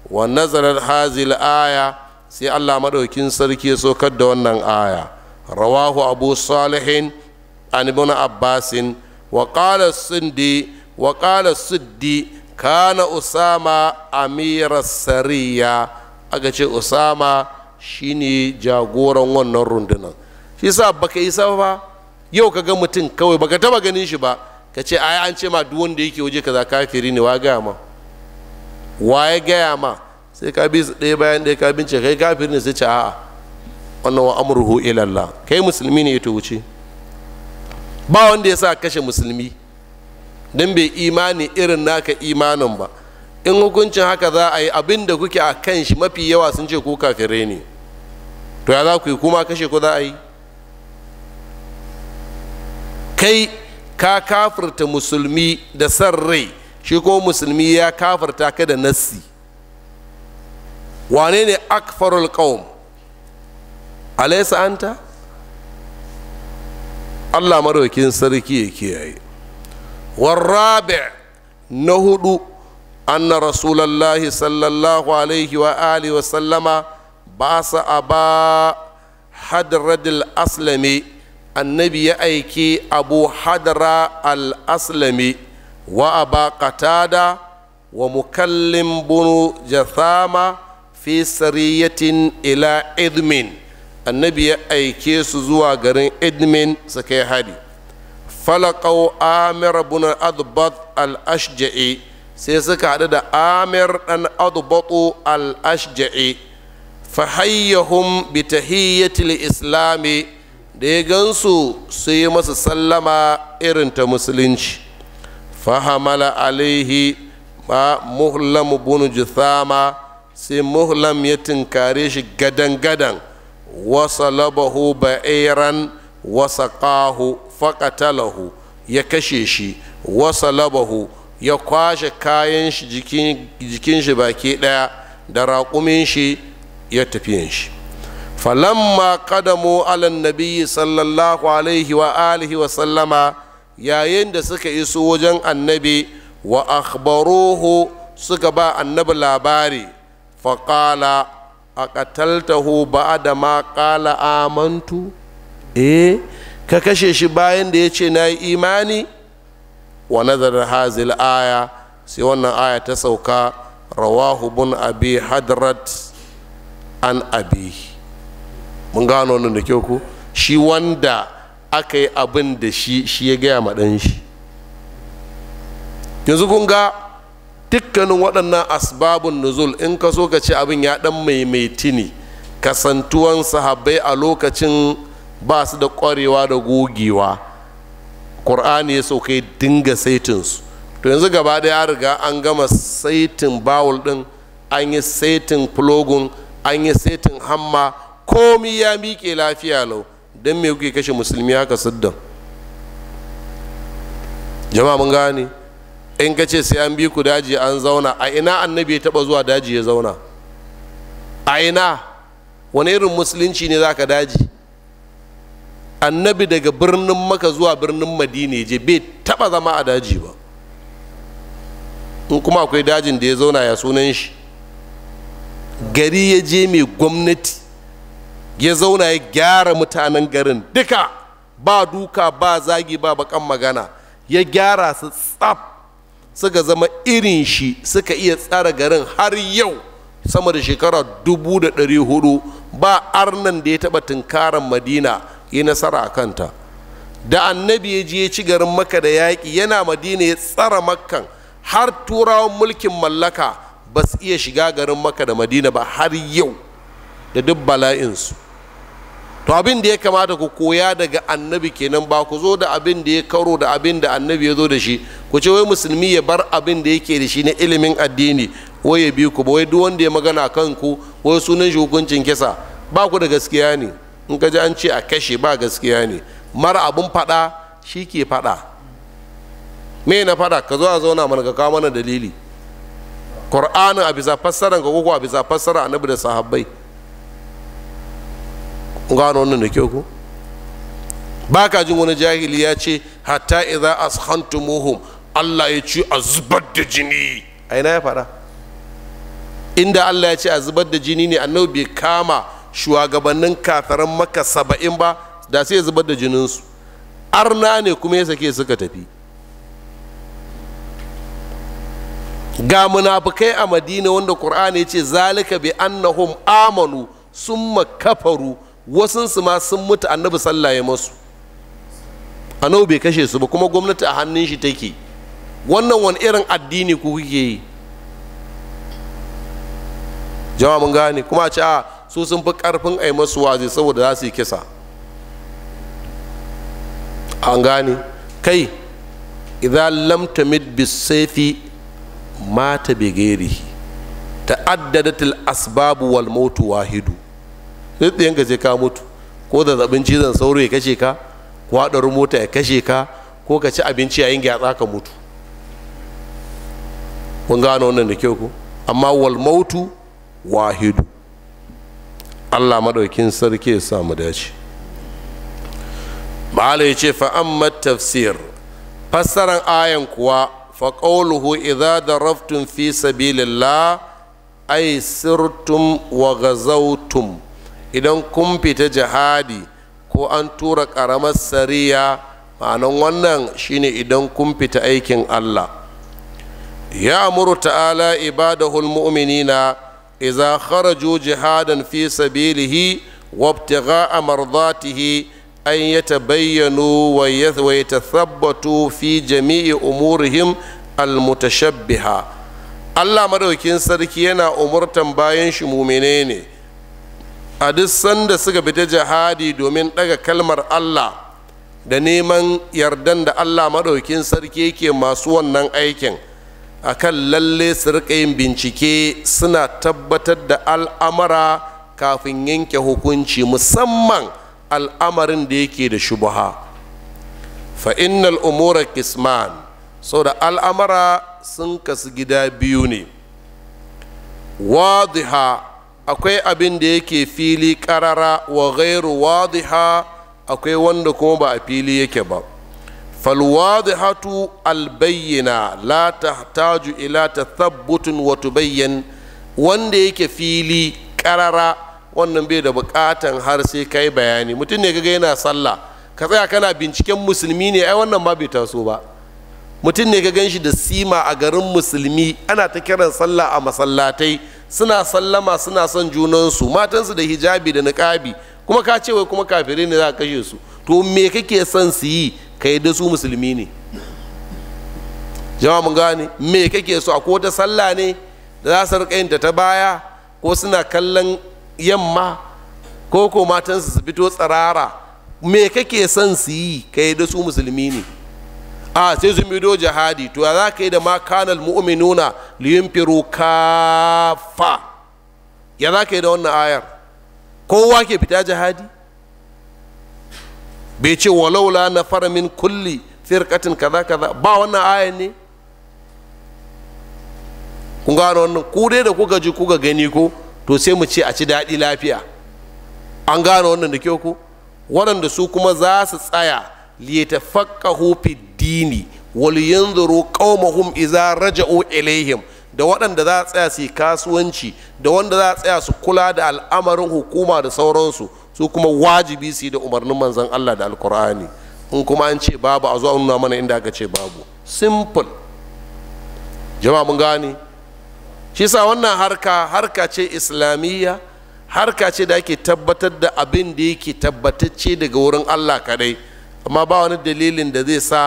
wa nazarar hazil aya sai allah maɗaukin sarki ya saukar da wannan aya rawahu abu salihin an ibn abbasin wa qala sindi wa kana usama amira sariya aka ce usama shine jagoran wannan rundunar shi sa baka isa ba yau ka ga mutum kawai baka taba ganin shi ba ka ce ai an ce ma duk wanda yake waje kaza kafiri ne wa gaya ma wa ya gaya ma sai ka bi ɗaya bayan ɗaya ka bince kai kafiri ne sai ce a'a wannan wa amruhu ilallah kai musulmi ne ya wuce ba wanda ya sa kashe musulmi don bai imani irin naka imanin ba in hukuncin haka za a yi abin da kuke a kan shi mafi yawa sun ce ko kafirai ne to ya za ku yi kuma kashe ko za a yi kai ka kafirta musulmi da san rai shi ko musulmi ya kafirta ka da nassi wane ne akfarul qawm alaysa anta Allah maraukin sarki ya kiyaye warrabi na hudu anna rasulallahi sallallahu alaihi wa alihi wa sallama ba sa ba hadradil aslami annabi ya aiki abu hadra al-aslami wa aba qatada wa mukallim bunu jathama fi sariyatin ila idmin annabi ya aike su zuwa garin idmin su kai hari falakau amir bin adbat al-ashja'i sai suka haɗu da amir ɗan adbatu al-ashja'i fahayyahum bi tahiyyatil islami da ya gansu sai yi masa sallama irin ta musulunci fahamala alaihi ma muhlam bunu juthama sai muhlam ya tinkare shi gadan-gadan wasa labahu ba'iran wasa ƙahu faƙatalahu ya kashe shi wasa labahu ya kwashe kayan shi jikin shi baki ɗaya da raƙumin shi ya tafiyan shi falamma qadamu ala nabiyyi sallallahu alaihi wa wa sallama yayin da suka iso wajen annabi wa akhbaruhu suka ba annabi labari faƙala a ƙataltahu ba da ma ƙala amantu eh ka kashe shi bayan da ya ce na yi imani wa nazarar hazil aya sai wannan aya ta sauka rawahu bun abi hadrat an abi mun gano wannan da kyau ko shi wanda aka yi abin da shi shi ya gaya ma ɗan shi yanzu kun ga dukkanin waɗannan asbabun nuzul in ka so ka ce abin ya ɗan maimaiti ne kasantuwan sahabbai a lokacin ba su da kwarewa da gogewa ƙur'ani ya sauka dinga saitinsu to yanzu gaba da ya riga an gama saitin bawul ɗin an yi saitin plogun an yi saitin hamma komi ya miƙe lafiya lau don me kuke kashe musulmi haka siddan jama'a mun gane in ka ce sai an bi ku daji an zauna a ina annabi ya taba zuwa daji ya zauna a ina wani irin musulunci ne za ka daji annabi daga birnin maka zuwa birnin madina je bai taba zama a daji ba in kuma akwai dajin da ya zauna ya sunan shi gari ya je mai gwamnati ya zauna ya gyara mutanen garin duka ba duka ba zagi ba bakan magana ya gyara su tsaf suka zama irin shi suka iya tsara garin har yau sama da shekara dubu da ɗari hudu ba arnan da ya taɓa tunkaran madina ya nasara a kanta da annabi ya je ya ci garin maka da yaƙi yana madina ya tsara makkan har turawan mulkin mallaka ba su iya shiga garin maka da madina ba har yau da duk bala'insu to abin da ya kamata ku koya daga annabi kenan ba ku zo da abin da ya karo da abin da annabi ya zo da shi ku ce wai musulmi ya bar abin da yake da shi na ilimin addini wai ya bi ku ba wai duk wanda ya magana kan ku wai sunan shi hukuncin kisa ba ku da gaskiya ne in ka ji an ce a kashe ba gaskiya ne mara abin faɗa shi ke faɗa me na faɗa ka zo a zauna mana ka kawo mana dalili ƙur'anin a bisa fassara ga koko a bisa fassara annabi da sahabbai gano wannan da kyau ku ba ka jin wani jahili ya ce hatta idza ashantumuhum Allah ya ci a zubar da jini a ina ya fara? inda Allah ya ce a zubar da jini ne annabi bai kama shugabannin kafaran maka saba'in ba da sai ya zubar da su. arna ne kuma ya sake suka tafi ga munafukai a madina wanda qur'ani ya ce zalika bi annahum amanu summa kafaru wasunsu ma sun mutu annabi sallah ya masu annabi bai kashe su ba kuma gwamnati a hannun shi take wannan wani irin addini ku kuke yi jama'a mun gane kuma a ce ah, su sun fi karfin a yi masu wazi saboda za su yi kisa an gane kai idan lam tamid saifi mata bigerihi ta'addadat asbabu wal mautu wahidu tsayen ka sai ka mutu ko zazzabin cizon sauro ya kashe ka ko haɗarin mota ya kashe ka ko ka ci abinci yayin gyatsa ka mutu kun gano wannan da kyau ko amma wal mautu wahidu allah maɗaukin sarki ya samu dace ma'ala ya ce fa'amma tafsir fassaran ayan kuwa faƙauluhu idza daraftun fi sabilillah ay sirtum wa zautun. idan kun fita jihadi ko an tura ƙaramar sariya ma'anan wannan shine idan kun fita aikin allah ya amuru ta'ala ibadahul mu'minina idza kharaju jihadan fi sabilihi wabtigha'a mardatihi an yatabayyanu wa yatathabbatu fi jami'i umurihim almutashabbiha Allah madaukin sarki yana umurtan bayan shi ne a duk sanda suka fita jihadi domin ɗaga kalmar allah da neman yardan da allah maɗaukin sarki yake masu wannan aikin a kan lalle su riƙa yin bincike suna tabbatar da al'amara kafin yanke hukunci musamman al'amarin da yake da shubuha fa innal umura kisman sau da al'amara sun kasu gida biyu ne wadiha akwai abin da yake fili karara wa gairu wadiha akwai wanda kuma ba a fili yake ba falwadihatu albayyana la tahtaju ila tathabbutun wa tubayyan wanda yake fili karara wannan bai da bukatan har sai kai bayani mutum ne kaga yana sallah ka tsaya kana binciken musulmi ne ai wannan ma bai taso ba mutum ne ka gan shi da sima a garin musulmi ana ta kiran sallah a masallatai suna sallama suna son junansu matansu da hijabi da niƙabi kuma ka ce wai kuma kafiri ne za ka kashe su to me kake son su yi ka yi da su musulmi ne jama'a mun gane me kake so a wata sallah ne da za su rika yinta ta baya ko suna kallon yamma ko ko matansu su fito tsirara me kake son su yi ka yi da su musulmi ne a sai sun mido jihadi to za ka yi da ma kanal mu'minuna liyunfiru kafa ya za ka yi da wannan ayar kowa ke fita jihadi bai ce walaula na fara min kulli firkatin kaza kaza ba wannan ayar ne kun gano wannan ku dai da kuka ji kuka gani ko to sai mu ce a ci daɗi lafiya an gano wannan da kyau ko waɗanda su kuma za su tsaya fakka hufi dini wal yanzuru qaumahum idza raja'u ilaihim da waɗanda za a tsaya su kasuwanci da wanda za a tsaya su kula da al'amarin hukuma da sauransu su kuma wajibi su yi da umarnin manzon Allah da alkur'ani in kuma an ce babu a zo an nuna mana inda aka ce babu simple jama'a mun gane shi sa wannan harka harka ce islamiyya harka ce da ake tabbatar da abin da yake tabbatacce daga wurin Allah kadai amma ba wani dalilin da zai sa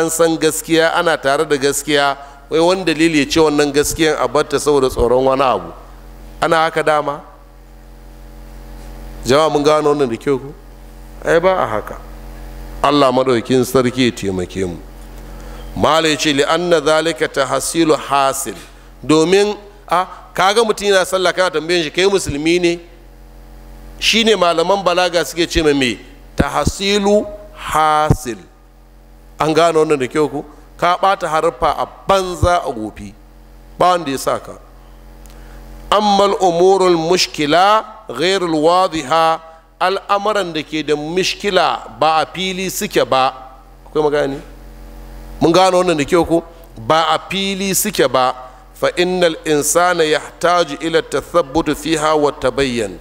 an san gaskiya ana tare da gaskiya wai wani dalili ya ce wannan gaskiyan a batta saboda tsoron wani abu ana haka dama jama'a mun gano wannan da kyau ku ai ba a haka allah maɗaukin sarki ya taimake mu mala ya ce li'anna zalika ta hasilu hasil domin a kaga mutum yana sallah kana tambayin shi kai musulmi ne shine malaman balaga suke ce mai ta hasilu hasil an gane wannan da kyau ku ka ɓata harfa a banza a gofi ba wanda ya sa ka ammal umurul mushkila ghairul wadiha al'amuran da ke da mushkila ba a fili suke ba akwai magani mun gane wannan da kyau ku ba a fili suke ba fa innal insana yahtaju ila tathabbutu fiha wa tabayyan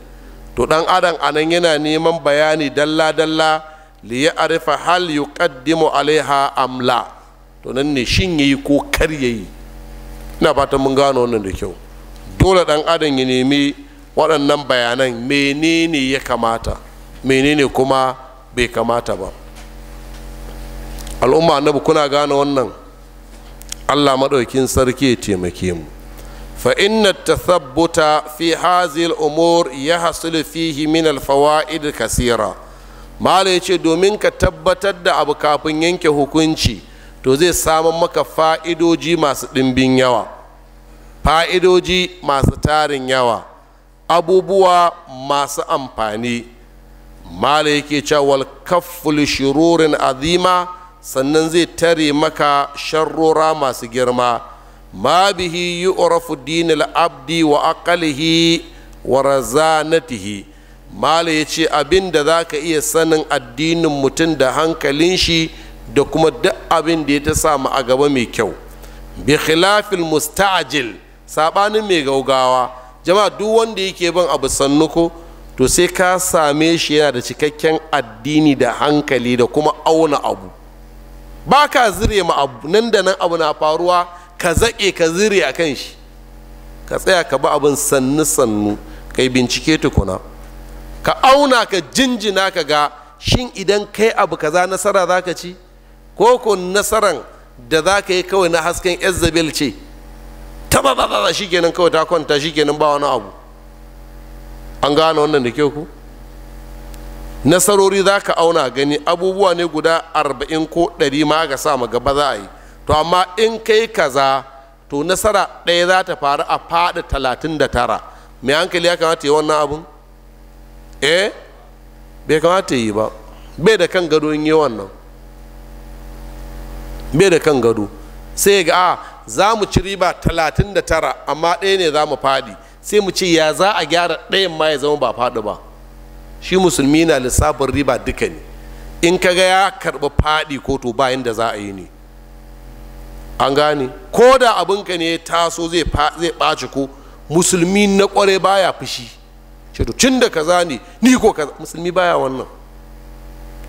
to dan adam anan yana neman bayani dalla dalla li arifa hal yuqaddimu alaiha amla to nan ne shin yayi ko kar yayi ina fata mun gano wannan da kyau dole dan adam ya nemi waɗannan bayanan menene ya kamata menene kuma bai kamata ba al'umma annabi kuna gano wannan allah maɗaukin sarki ya taimake mu فإن التثبت في هذه الأمور fihi min al fawa'id kasira mala ya ce domin ka tabbatar da abu kafin yanke hukunci to zai samun maka fa'idoji masu ɗimbin yawa fa'idoji masu tarin yawa abubuwa masu amfani mala ke cewa kafful shirurin azima sannan zai tare maka sharrora masu girma ma bihi yu'rafu dinil abdi wa aqalihi wa razanatihi malam ya ce abin da za ka iya sanin addinin mutum da hankalin shi da kuma duk abin da ya ta samu a gaba mai kyau bi khilafil musta'ajil sabanin mai gaugawa jama'a duk wanda yake bin abu sannu ko to sai ka same shi yana da cikakken addini da hankali da kuma auna abu ba ka zire ma abu nan da nan abu na faruwa ka zaƙe ka zire a kan shi ka tsaya ka bi abin sannu sannu kai bincike tukuna ka auna ka jinjina ka ga shin idan kai abu kaza nasara za ka ci ko ko nasaran da za ka yi kawai na hasken ezabel ce ba shi kenan kawai ta kwanta shi kenan ba wani abu an gane wannan da ke ku nasarori za ka auna gani abubuwa ne guda arba'in ko ɗari ma ga sa gaba za a yi to amma in kai kaza to nasara ɗaya za ta faru a faɗi talatin da tara mai hankali ya kamata yi wannan abun eh bai kamata yi ba bai da kan gado in yi wannan bai da kan gado sai ga a ah, za mu ci riba talatin da tara amma ɗaya ne za mu faɗi sai mu ce ya za a gyara ɗayan ma ya zama ba faɗi ba shi musulmi na lissafin riba duka ne in ka ga ya karɓi faɗi ko to bayan da za a yi ne an gane ko da abinka ne ya taso zai ɓaci ko musulmi na ƙware baya fushi ce to tun da kaza ne ni ko kaza musulmi baya wannan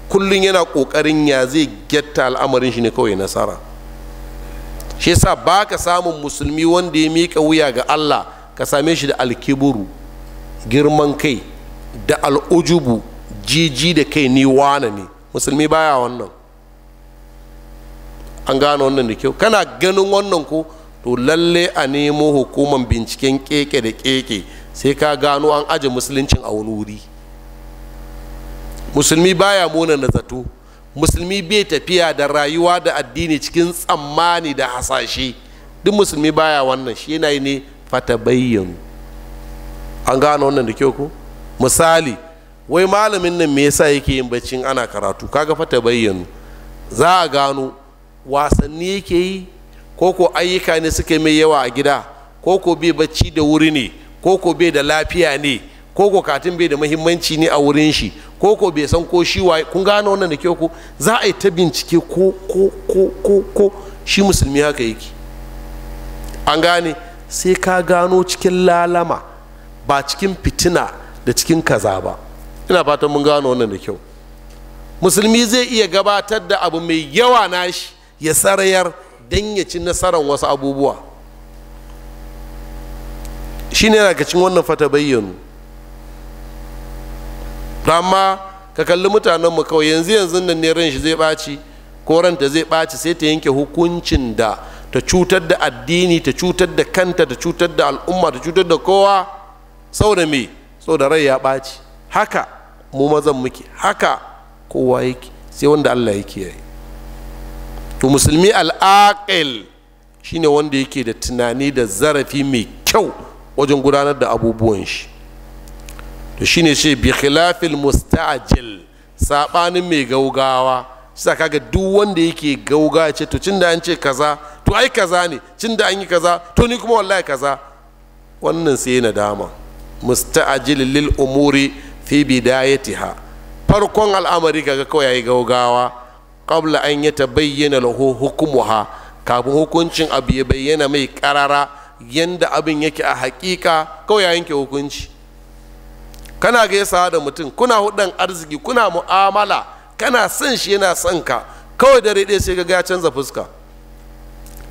kullum yana kokarin ya zai getta al'amarin shi ne kawai nasara shi yasa baka samun musulmi wanda ya mika wuya ga Allah ka same shi da alkiburu girman kai da al'ujubu jiji da kai ni wane ne musulmi baya wannan an gano wannan da kyau kana ganin wannan ko to lalle a nemo hukuman binciken keke da keke sai ka gano an aje musuluncin a wani wuri musulmi baya mona na zato musulmi bai tafiya da rayuwa da addini cikin tsammani da hasashe duk musulmi baya wannan shi yana yi ne fata bayyanu an gano wannan da kyau ko misali wai malamin nan me yasa yake yin baccin ana karatu kaga fata bayyanu za a gano wasanni yake yi ko ko ayyuka ne suke mai yawa a gida ko ko bai bacci da wuri ne ko bai da lafiya ne ko katin bai da mahimmanci ne a wurin shi ko ko bai san ko shi waye kun gano wannan da kyau ko za a yi ta bincike ko ko ko ko ko shi musulmi haka yake an gane sai ka gano cikin lalama ba cikin fitina da cikin kaza ba ina fatan mun gano wannan da kyau musulmi zai iya gabatar da abu mai yawa nashi ya sarayar dan ya ci nasarar wasu abubuwa ne yana cikin wannan fata ta amma ka kalli mutanenmu kawai yanzu yanzu nan ne ran shi zai ɓaci ko ranta zai ɓaci sai ta yanke hukuncin da ta cutar da addini ta cutar da kanta ta cutar da al'umma ta cutar da kowa sau da me da rai ya ɓaci haka mu mazan muke haka kowa yake sai wanda allah yake yi to musulmi al'aqil shine wanda yake da tunani da zarafi mai kyau wajen gudanar da abubuwan shi to shine ce bi khilafil musta'jil sabanin mai gaugawa sai kaga duk wanda yake gauga ce to cin da an ce kaza to ai kaza ne cin da an yi kaza to ni kuma wallahi kaza wannan sai na dama musta'jil lil umuri fi bidayatiha farkon al'amari kaga kawai yayi gaugawa qabla an yatabayyana lahu hukmuha kafin hukuncin abu ya bayyana mai karara yanda abin yake a hakika kawai ya yanke hukunci kana gaisawa da mutum kuna hudan arziki kuna mu'amala kana son shi yana son ka kawai dare ɗaya sai ga ya canza fuska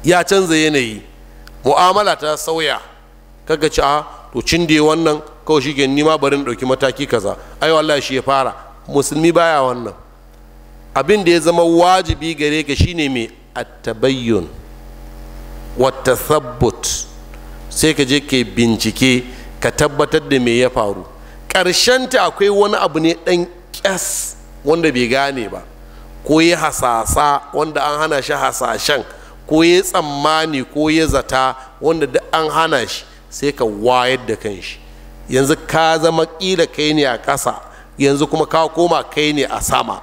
ya canza yanayi mu'amala ta sauya kaga ci a to cin da wannan kawai shi ke nima barin ɗauki mataki kaza ai wallahi shi ya fara musulmi baya wannan abin da ya zama wajibi gare ka shine mai at-tabayyun wa sai ka je ke bincike ka tabbatar da me ya faru ƙarshen ta akwai wani abu ne ɗan ƙyas wanda bai gane ba ko ya hasasa wanda an hana shi hasashen ko ya tsammani ko ya zata wanda duk an hana shi sai ka wayar da kan shi yanzu ka zama ƙila kai ne a ƙasa yanzu kuma ka koma kai ne a sama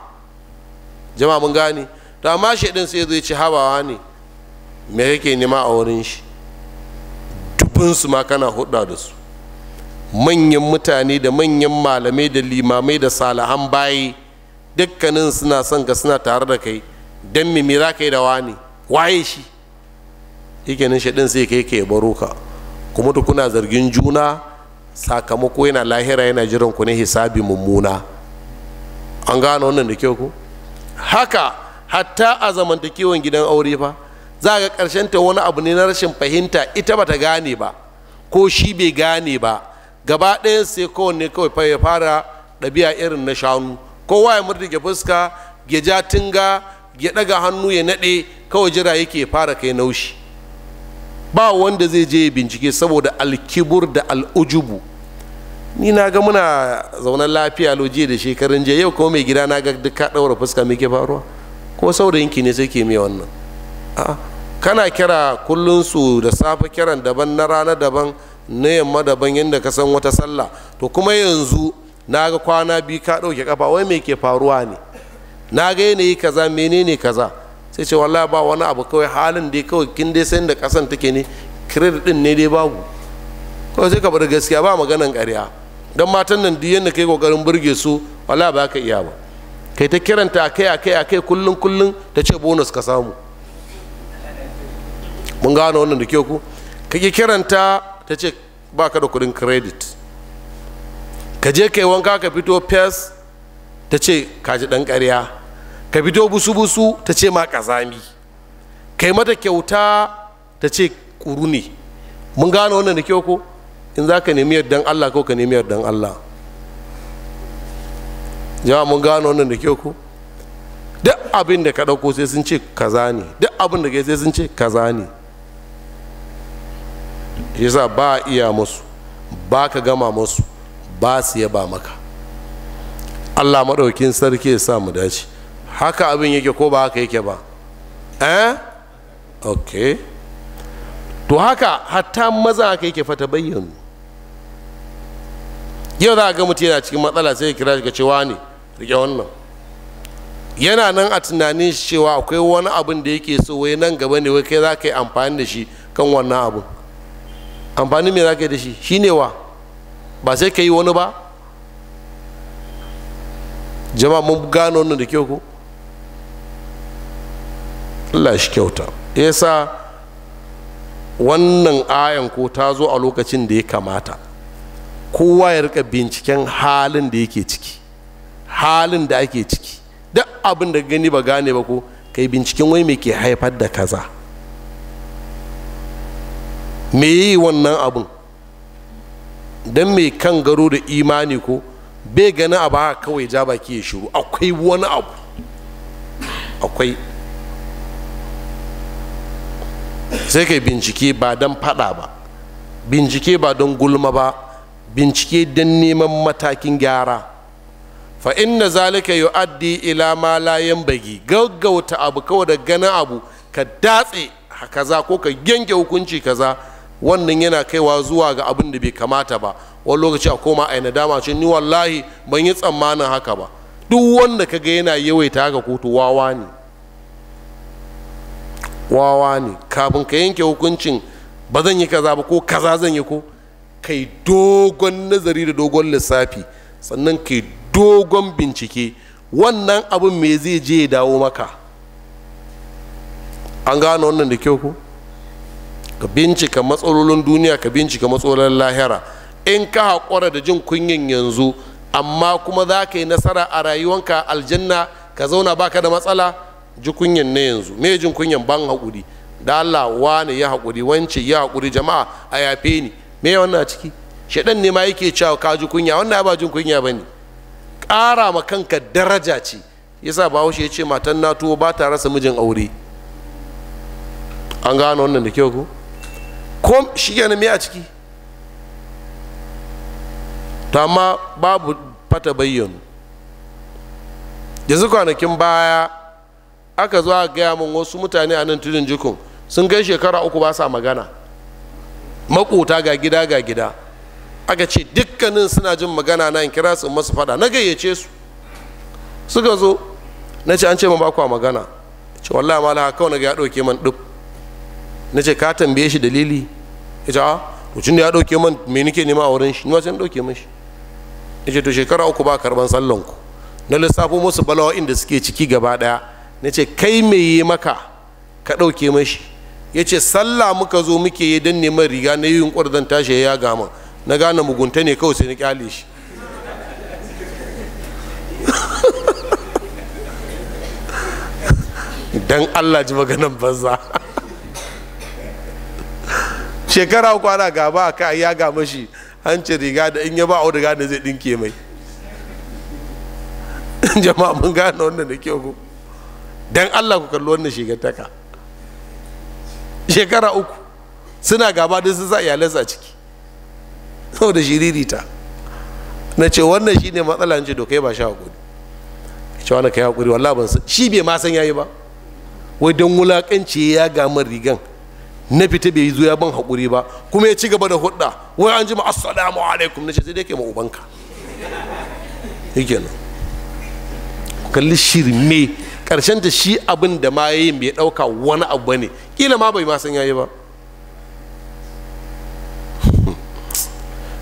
jama mun gane to amma shaidan sai zai ci habawa ne me kake nema a wurin shi tsoffinsu ma kana hudu da su manyan mutane da manyan malamai da limamai da salahan bayi dukkanin suna son ka suna tare da kai don mimi za ka yi da wani waye shi ikenin shaɗin sai kai ke baro ka kuma da kuna zargin juna sakamako yana lahira yana jiran ku ne hisabi mummuna an gano wannan da kyau ku haka hatta a zamantakewan gidan aure fa za ga ƙarshen ta wani abu ne na rashin fahimta ita bata gane ba ko shi bai gane ba gaba ɗayan sai kowanne kawai ya fara ɗabi'a irin na shanu kowa ya murdige fuska ya ja tunga ya ɗaga hannu ya naɗe kawai jira yake fara kai naushi ba wanda zai je bincike saboda alkibur da al'ujubu ni na ga muna zaunan lafiya lojiya da shekarun jiya yau kuma mai gida na ga duk ka ɗaura fuska mai ke faruwa ko yanki ne sai ke mai wannan a'a kana kira kullun su da safe kiran daban na rana daban na yamma daban yadda ka san wata sallah to kuma yanzu na ga kwana biyu ka ɗauke kafa wai me ke faruwa ne na ga yanayi kaza menene kaza sai ce wallahi ba wani abu kawai halin dai kawai kin dai san da kasan take ne credit din ne dai babu ko sai ka bar gaskiya ba maganan ƙarya dan matan nan duk yadda kai kokarin burge su wallahi ba ka iya ba kai ta kiranta akai akai akai kullun kullun ta ce bonus ka samu mun gane wannan da kyau ku kake kiranta ta ce ba ka da kudin credit ka je kai wanka ka fito fes ta ce ka ji dan karya ka fito busu-busu ta ce ma kazami kai mata kyauta ta ce kuru ne mun gane wannan da kyau ku in za ka nemi yardan allah ko ka nemi yardan allah jama'a mun gane wannan da kyau ku duk abin da ka ɗauko sai sun ce kaza ne duk abin da ke sai sun ce kaza ne yasa ba iya musu ba ka gama musu ba su ba maka allah maɗaukin sarki ya sa mu dace haka abin yake ko ba haka yake ba eh ok to haka hatta maza haka yake fata bayyana yau za a ga mutum yana cikin matsala sai ya kira shi ga cewa ne rike wannan yana nan a tunanin cewa akwai wani abin da yake so wai nan gaba ne wai kai za ka yi amfani da shi kan wannan abin amfani mai zaka yi da shi shine ne wa ba sai ka yi wani ba jama'a mun gano wannan da kyau ko Allah shi kyauta yasa wannan ayan ko ta zo a lokacin da ya kamata kowa ya rika binciken halin da yake ciki halin da ake ciki duk abin da gani ba gane ba ko kai binciken wai me ke haifar da kaza me yi wannan abin don mai kan garo da imani ko bai gani a ba kawai ja baki ya shiru akwai wani abu akwai sai kai bincike ba don fada ba bincike ba don gulma ba bincike don neman matakin gyara fa inna zalika yu'addi ila ma la yanbaghi gaggauta abu kawai da gani abu ka datse kaza ko ka yanke hukunci kaza wannan yana kaiwa zuwa ga abin da bai kamata ba wani lokaci a koma a dama ce ni wallahi ban yi tsammanin haka ba duk wanda ka ga yana yawaita haka ko wawa ne wawa ne kafin ka yanke hukuncin ba zan yi kaza ba ko kaza zan yi ko kai dogon nazari da dogon lissafi sannan kai dogon bincike wannan abin me zai je ya dawo maka an gano wannan da kyau ko ka bincika matsalolin duniya ka bincika matsalolin lahira in ka haƙura da jin kunyin yanzu amma kuma za ka yi nasara a rayuwanka aljanna ka zauna baka da matsala ji kunyin na yanzu me jin kunyin ban haƙuri da Allah wani ya haƙuri wance ya haƙuri jama'a a yafe ni me wannan a ciki shaɗan ne ma yake cewa ka ji kunya wannan ba jin kunya ba ne ƙara ma kanka daraja ce yasa bahaushe ya ce matan na tuwo ba ta rasa mijin aure an gane wannan da kyau ku ko shi ke nemi a ciki to amma babu fata bayyano yanzu kwanakin baya aka zo a gaya min wasu mutane a nan tudun jikun sun kai shekara uku ba sa magana makota ga gida ga gida aka ce dukkanin suna jin magana na yin kira su masu fada na gayyace su suka zo na ce an ce ma ba kwa magana ce wallahi ma kawai na ga ya ɗauke man duk na ce ka tambaye shi dalili ya ce a ah, mutum da ya ɗauke man me nike nema a wurin shi ni sai na ɗauke mashi ya ce to shekara uku ba karban sallon ku na lissafo musu balawa inda suke ciki gaba ɗaya na ce kai me yi maka ka ɗauke mashi ya ce sallah muka zo muke yi don neman riga na yi yunƙwar zan tashi ya gama na gane mugunta ne kawai sai na kyale shi dan allah ji maganan banza shekara uku ana gaba a ya gama shi hancin riga da in ya ba auduga da zai dinke mai jama'a mun gane wannan da kyau ku don Allah ku kalli wannan taka shekara uku suna gaba da sun sa iyalansa a ciki saboda shiririta na ce wannan shi ne matsala ce dokai ba sha hakuri ce wani kai hakuri wallahi ban san shi bai ma san yayi ba wai don wulakanci ya gamar rigan na fita bai zo ya ban haƙuri ba kuma ya ci gaba da hudda wai an ji ma assalamu alaikum na ce sai dai ke ma ubanka nan kalli shirme karshen ta shi abin da ma yayi bai dauka wani abu ne kila ma bai ma san yayi ba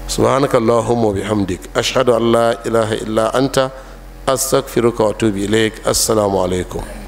سبحانك اللهم وبحمدك أشهد أن لا إله إلا أنت أستغفرك وأتوب إليك السلام عليكم